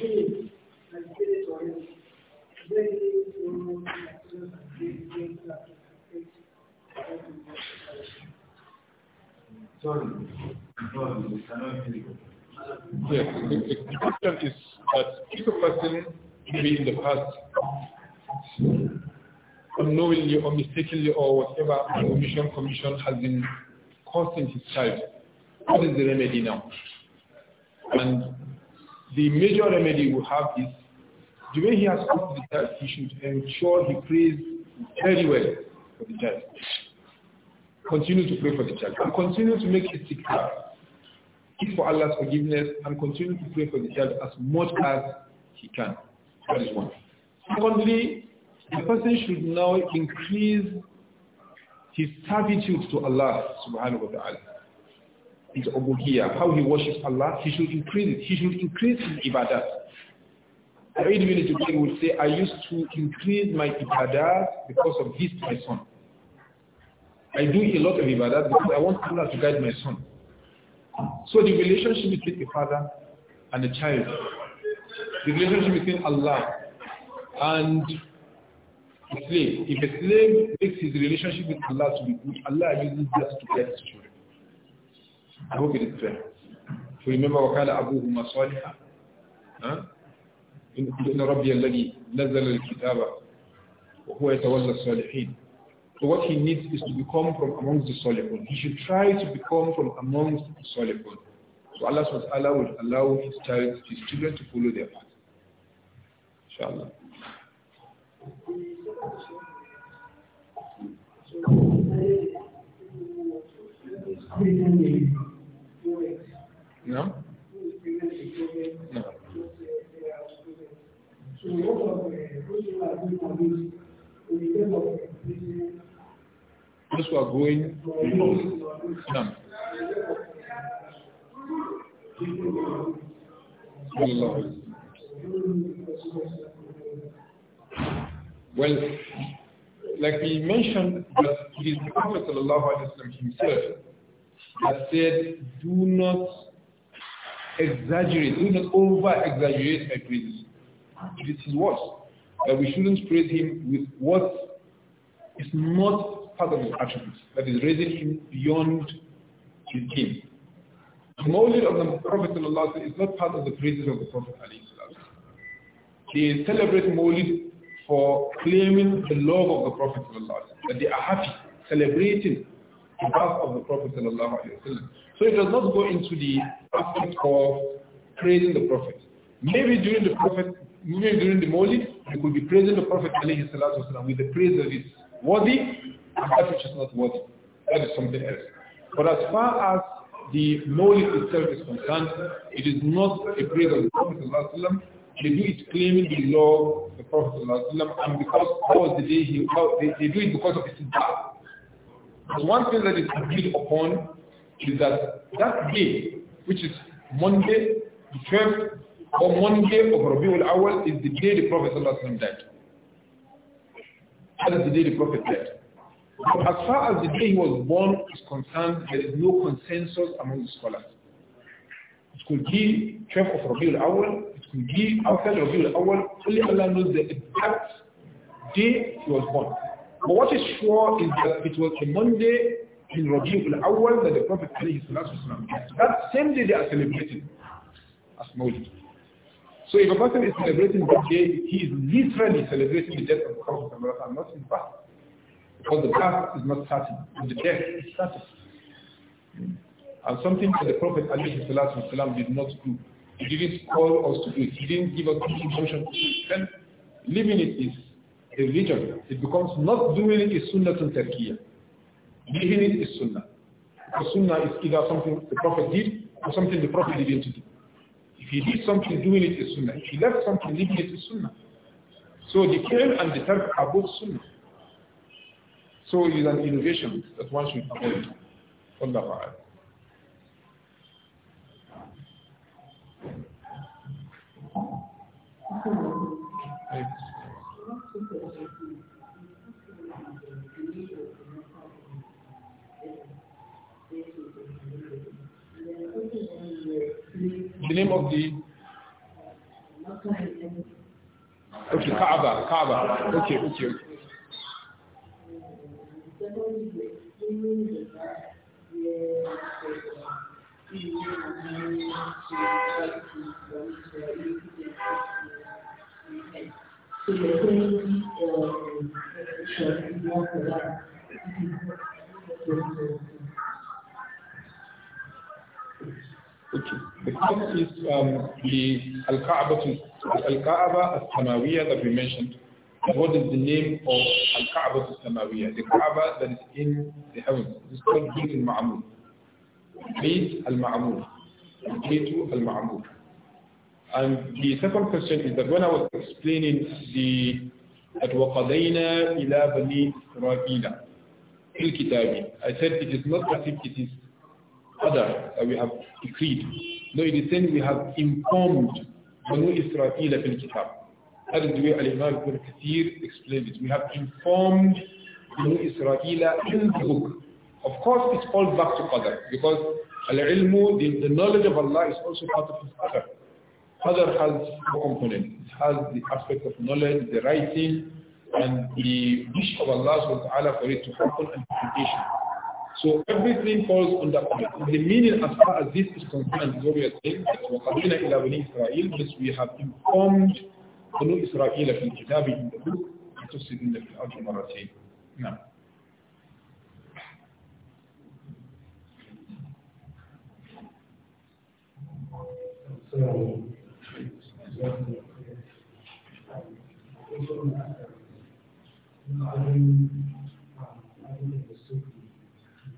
Thank you. Yes, the, the question is that if a person maybe in the past unknowingly or mistakenly or whatever the commission commission has been causing his child, what is the remedy now? And the major remedy we have is the way he has come to the test, he should ensure he prays very well for the child. Continue to pray for the child and continue to make it istighfar. Seek for Allah's forgiveness and continue to pray for the child as much as he can. That is one. Secondly, the person should now increase his servitude to Allah subhanahu wa ta'ala. His obuhiyya, how he worships Allah, he should increase it. He should increase his ibadah. Sa'id bin Jubair will say, I used to increase my ibadah because of this, my son. I do a lot of ibadah because I want Allah to guide my son. So the relationship between the father and the child, the relationship between Allah and the slave. If a slave makes his relationship with Allah to be good, Allah uses that to guide his children. I hope it is clear. you remember, وَقَالَ أَبُوهُمَا صَالِحًا إن ربي الذي نزل الكتاب يتولى الصالحين So what he needs is to become from amongst the Salihun. He should try to become from amongst the Salihun. So Allah SWT will allow his child, his children to follow their path. Inshallah. No? No. So those who are going this, in terms of those who are going Well, like we mentioned, that it is the Prophet himself that said, do not exaggerate, do not over-exaggerate my praises. This is what? That we shouldn't praise him with what is not part of his attributes, that is raising him beyond his game. The Mawlid of the Prophet is not part of the praises of the Prophet They celebrate Mawlid for claiming the love of the Prophet that they are happy, celebrating the birth of the Prophet So it does not go into the aspect of praising the Prophet. Maybe during the Prophet even during the Mawlid, we could be praising the Prophet alayhi wasalam with the praise that is worthy and that which is not worthy. That is something else. But as far as the Mawlid itself is concerned, it is not a praise of the Prophet sallallahu wasalam. They do it claiming the law of the Prophet sallallahu wasalam and because that was the day he, they, they do it because of his death. Because one thing that is agreed upon is that that day, which is Monday, the 12th or Monday of Rabiul Awal is the day the Prophet ﷺ died. That is the day the Prophet died. But as far as the day he was born is concerned, there is no consensus among the scholars. It could be 12th of Rabiul Awal, it could be outside Rabiul Awal, only Allah knows the exact day he was born. But what is sure is that it was a Monday in Rabiul Awal that the Prophet died. That same day they are celebrating as Mawlid. So if a person is celebrating birthday, he is literally celebrating the death of the Prophet and not his past, Because the past is not certain, and the death is certain. And something that the Prophet والسلام, did not do. He didn't call us to do it. He didn't give us any instruction. Then living it is a religion. It becomes not doing it is sunnah and taqiyya. Living it is sunnah. The sunnah is either something the Prophet did or something the Prophet didn't do he did something, doing it is sunnah. If he left something, leaving it is sunnah. So the kiln and the tark are both sunnah. So it is an innovation that one should avoid. Allah Thanks. the name of the okay Kaaba Kaaba okay okay okay the first is um, the Al-Ka'aba Al-Samawiyya that we mentioned. What is the name of Al-Ka'aba Al-Samawiyya? The Kaaba that is in the heavens. It's called Bayt Al-Ma'amur. Bayt Al-Ma'amur. Bayt Al-Ma'amur. And the second question is that when I was explaining the that وَقَضَيْنَا إِلَى بَنِي إِسْرَائِيلَ الكتاب I said it is not as if it is other, uh, we have decreed. No, in the saying we have informed Banu Israel fil kitab. That is the way Al-Imam al Kathir explained it. We have informed Banu Israel in the book. Of course, it's all back to Qadr because Al-Ilmu, the, the, knowledge of Allah is also part of his Qadr. Qadr has four components. It has the aspect of knowledge, the writing, and the wish of Allah subhanahu wa ta'ala for it to happen and completion. So everything falls under the meaning as far as this is concerned what we are saying. we have informed بنو إسرائيل in the book وتفسدون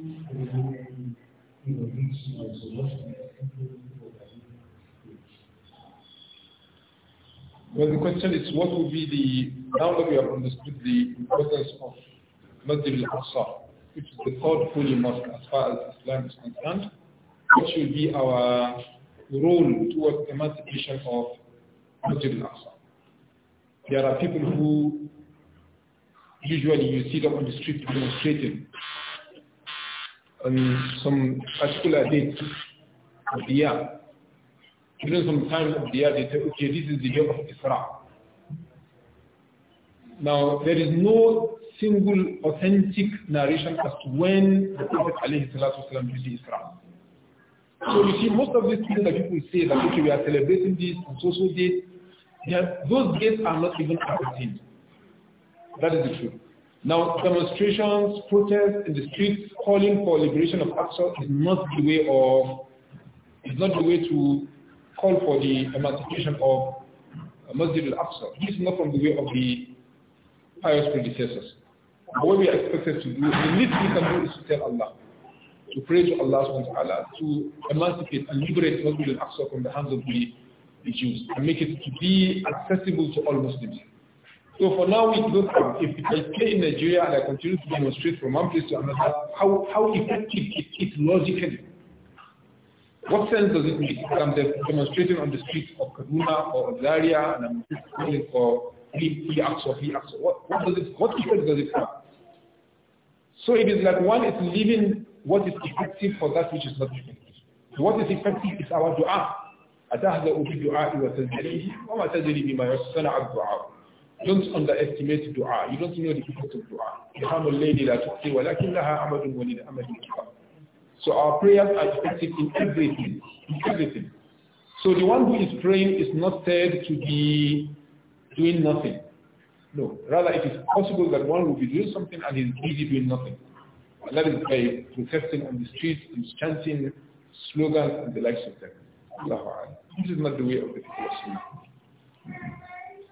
Well, the question is, what would be the, now that we have understood the importance of Masjid al-Aqsa, which is the third holy mosque as far as Islam is concerned, what should be our role towards emancipation of Masjid al-Aqsa? There are people who usually you see them on the street demonstrating on some particular date of the year. During some time of the year, they say, okay, this is the day of Isra. Now, there is no single authentic narration as to when the Prophet ﷺ did the Isra. So you see, most of these things that people say that, okay, we are celebrating this on social date, those dates are not even ascertained. That is the truth. Now, demonstrations, protests in the streets, calling for liberation of Aksa is not the way of, is not the way to call for the emancipation of Masjid al-Aqsa. This is not from the way of the pious predecessors. What we are expected to do, the least we can do is to tell Allah, to pray to Allah Taala, to emancipate and liberate Masjid al-Aqsa from the hands of the, the Jews and make it to be accessible to all Muslims. So for now, it looks if I play in Nigeria and I continue to demonstrate from one place to another, how, how effective it is logically. What sense does it make I'm demonstrating on the streets of Kaduna or Zaria and I'm calling for free or free What, what, does it, what effect does it have? So it is like one is living what is effective for that which is not effective. So what is effective is our dua. أتهزأ بدعائي وتزدريه وما تزري بما يصنع الدعاء don't underestimate dua. You don't know the effect of dua. You have a lady that will say, وَلَكِنَّهَا أَمَدٌ وَلِدَ أَمَدٌ So our prayers are effective in everything. In everything. So the one who is praying is not said to be doing nothing. No. Rather, it is possible that one will be doing something and is busy doing nothing. And that is by protesting on the streets and chanting slogans and the likes of them. This is not the way of the people of Sunnah.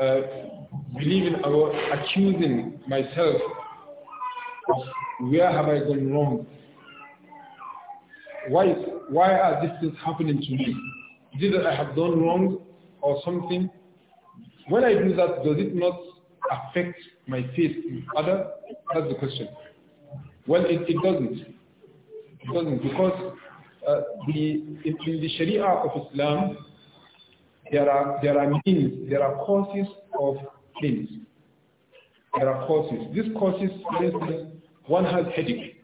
Uh, believing or accusing myself of where have I gone wrong? Why, why are these things happening to me? Is it that I have done wrong or something? When I do that, does it not affect my faith in other? That's the question. Well, it, it doesn't. It doesn't because uh, the, in, in the Sharia of Islam, there are, there are means, there are causes of things. There are causes. These causes, for instance, one has headache.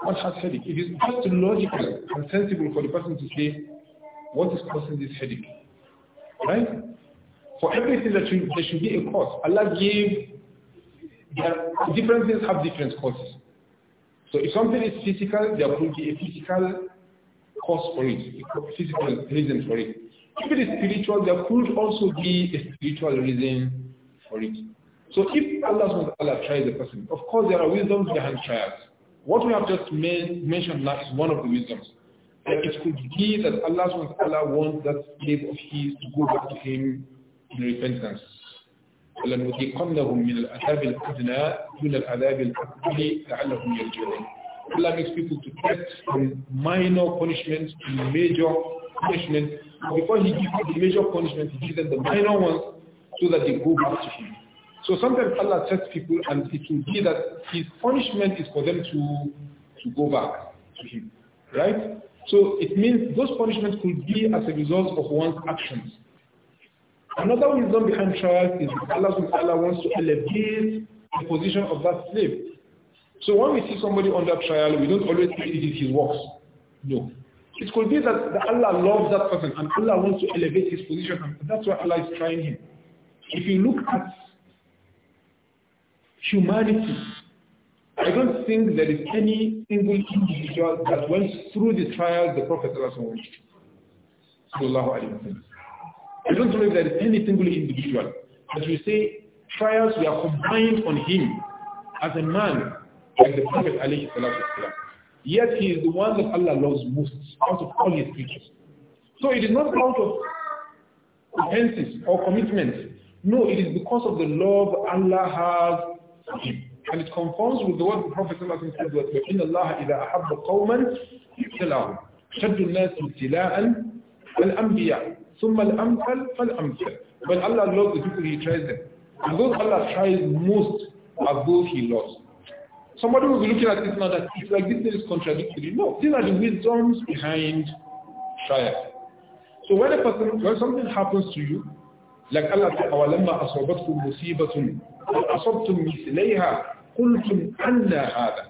One has headache. It is just logical and sensible for the person to say, what is causing this headache? Right? For everything that should, there should be a cause. Allah gave, different things have different causes. So if something is physical, there will be a physical cause for it, a physical reason for it. If it is spiritual, there could also be a spiritual reason for it. So if Allah SWT tries a person, of course there are wisdoms behind trials. What we have just mentioned now is one of the wisdoms. That it could be that Allah SWT wants that slave of his to go back to him in repentance. Allah makes people to test from minor punishments to major punishment. Before he gives the major punishment, he gives them the minor ones so that they go back to him. So sometimes Allah tests people and it will be that his punishment is for them to, to go back to him. Right? So it means those punishments could be as a result of one's actions. Another reason behind trials is Allah Allah wants to elevate the position of that slave. So when we see somebody under trial, we don't always say it is his works. No. It could be that, that Allah loves that person and Allah wants to elevate his position and that's why Allah is trying him. If you look at humanity, I don't think there is any single individual that went through the trials the Prophet went through. I don't believe there is any single individual that we say trials were combined on him as a man like the Prophet alayhi salatu Yet he is the one that Allah loves most out of all his creatures. So it is not out of offenses or commitments. No, it is because of the love Allah has for him. And it conforms with the word the Prophet said, that وَإِنَّ اللَّهَ إِذَا أَحَبَّ قَوْمًا ابتلاهم شد الناس ابتلاء الأنبياء ثم الأمثل فالأمثل When Allah loves the people, He tries them. And those Allah tries most are those He loves. Somebody will be looking at this now that it's like this thing is contradictory. No, these are the wisdoms behind trial. So when a person, when something happens to you, like Allah said, أَوَلَمَّا أَصَوْبَتْكُمْ مُصِيبَةٌ أَصَبْتُمْ مِثْلَيْهَا قُلْتُمْ أَنَّ هَذَا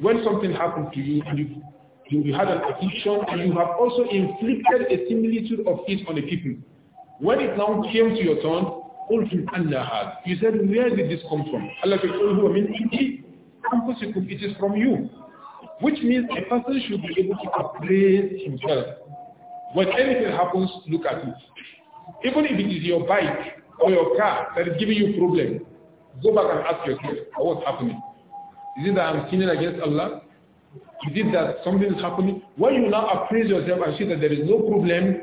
When something happened to you, you, you had an affliction and you have also inflicted a similitude of it on the people. When it now came to your turn, قُلْتُمْ أَنَّ هَذَا You said, where did this come from? Allah said, قُلْ مِنْ anfusikum, it is from you. Which means a person should be able to appraise himself. When anything happens, look at it. Even if it is your bike or your car that is giving you problem, go back and ask yourself, oh, what's happening? Is it that I'm sinning against Allah? Is it that something is happening? When you now appraise yourself and see that there is no problem,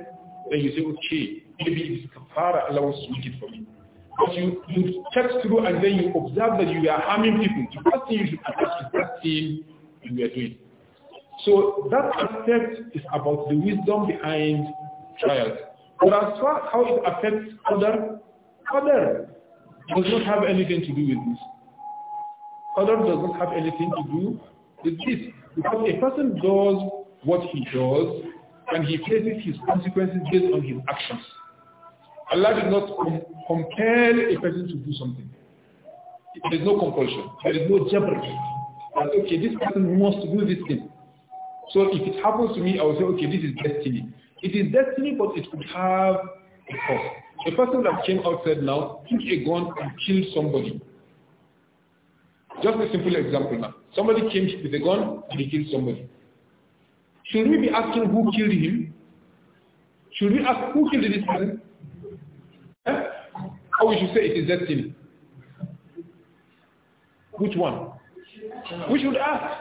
then you say, okay, maybe it's kafara, Allah wants to make it for me. But you, you check through and then you observe that you are harming people. The first thing you should address is that thing you are doing. So that aspect is about the wisdom behind trials. But as far as how it affects other, other does not have anything to do with this. Other does not have anything to do with this. Because a person does what he does and he faces his consequences based on his actions. Allah did not com compel a person to do something. There is no compulsion. There is no jeopardy. That, okay, this person wants to do this thing. So if it happens to me, I will say, okay, this is destiny. It is destiny, but it could have a cost. The person that came outside now took a gun and killed somebody. Just a simple example now. Somebody came with a gun and he killed somebody. Should we be asking who killed him? Should we ask who killed this person? Or we should say it is destiny. Which one? We should ask.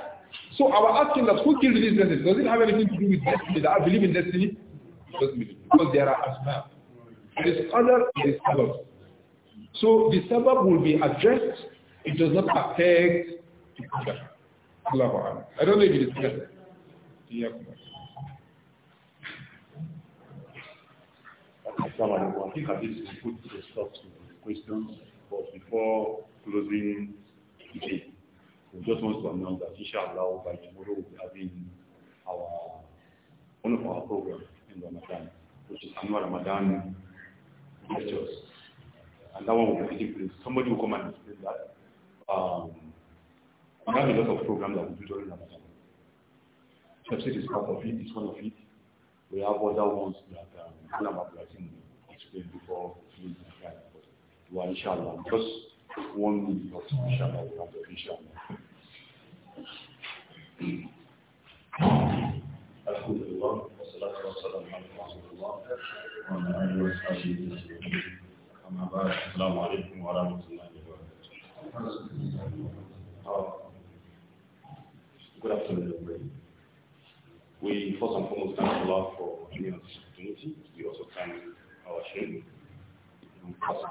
So our asking that who killed this destiny, does it have anything to do with destiny? That I believe in destiny? Because there are asbab. There is other, there is sabab. So the sabab will be addressed. It does not affect the I don't know if it is clear. Yeah. I think at this is good to stop the questions, but before closing today, we just want to announce that inshallah by tomorrow we'll be having our one of our programs in Ramadan, which is annual Ramadan lectures. And that one will be taking place. Somebody will come and explain that. Um, we have a lot of programs that we do during Ramadan. Chapsit is part of it, it's one of it. We have other ones that um, Alam Abdulazim explain before we can. Well, inshallah, just one minute, inshallah, we have inshallah. Good afternoon, everybody. We first and foremost thank Allah for giving us this opportunity. We also thank our shame.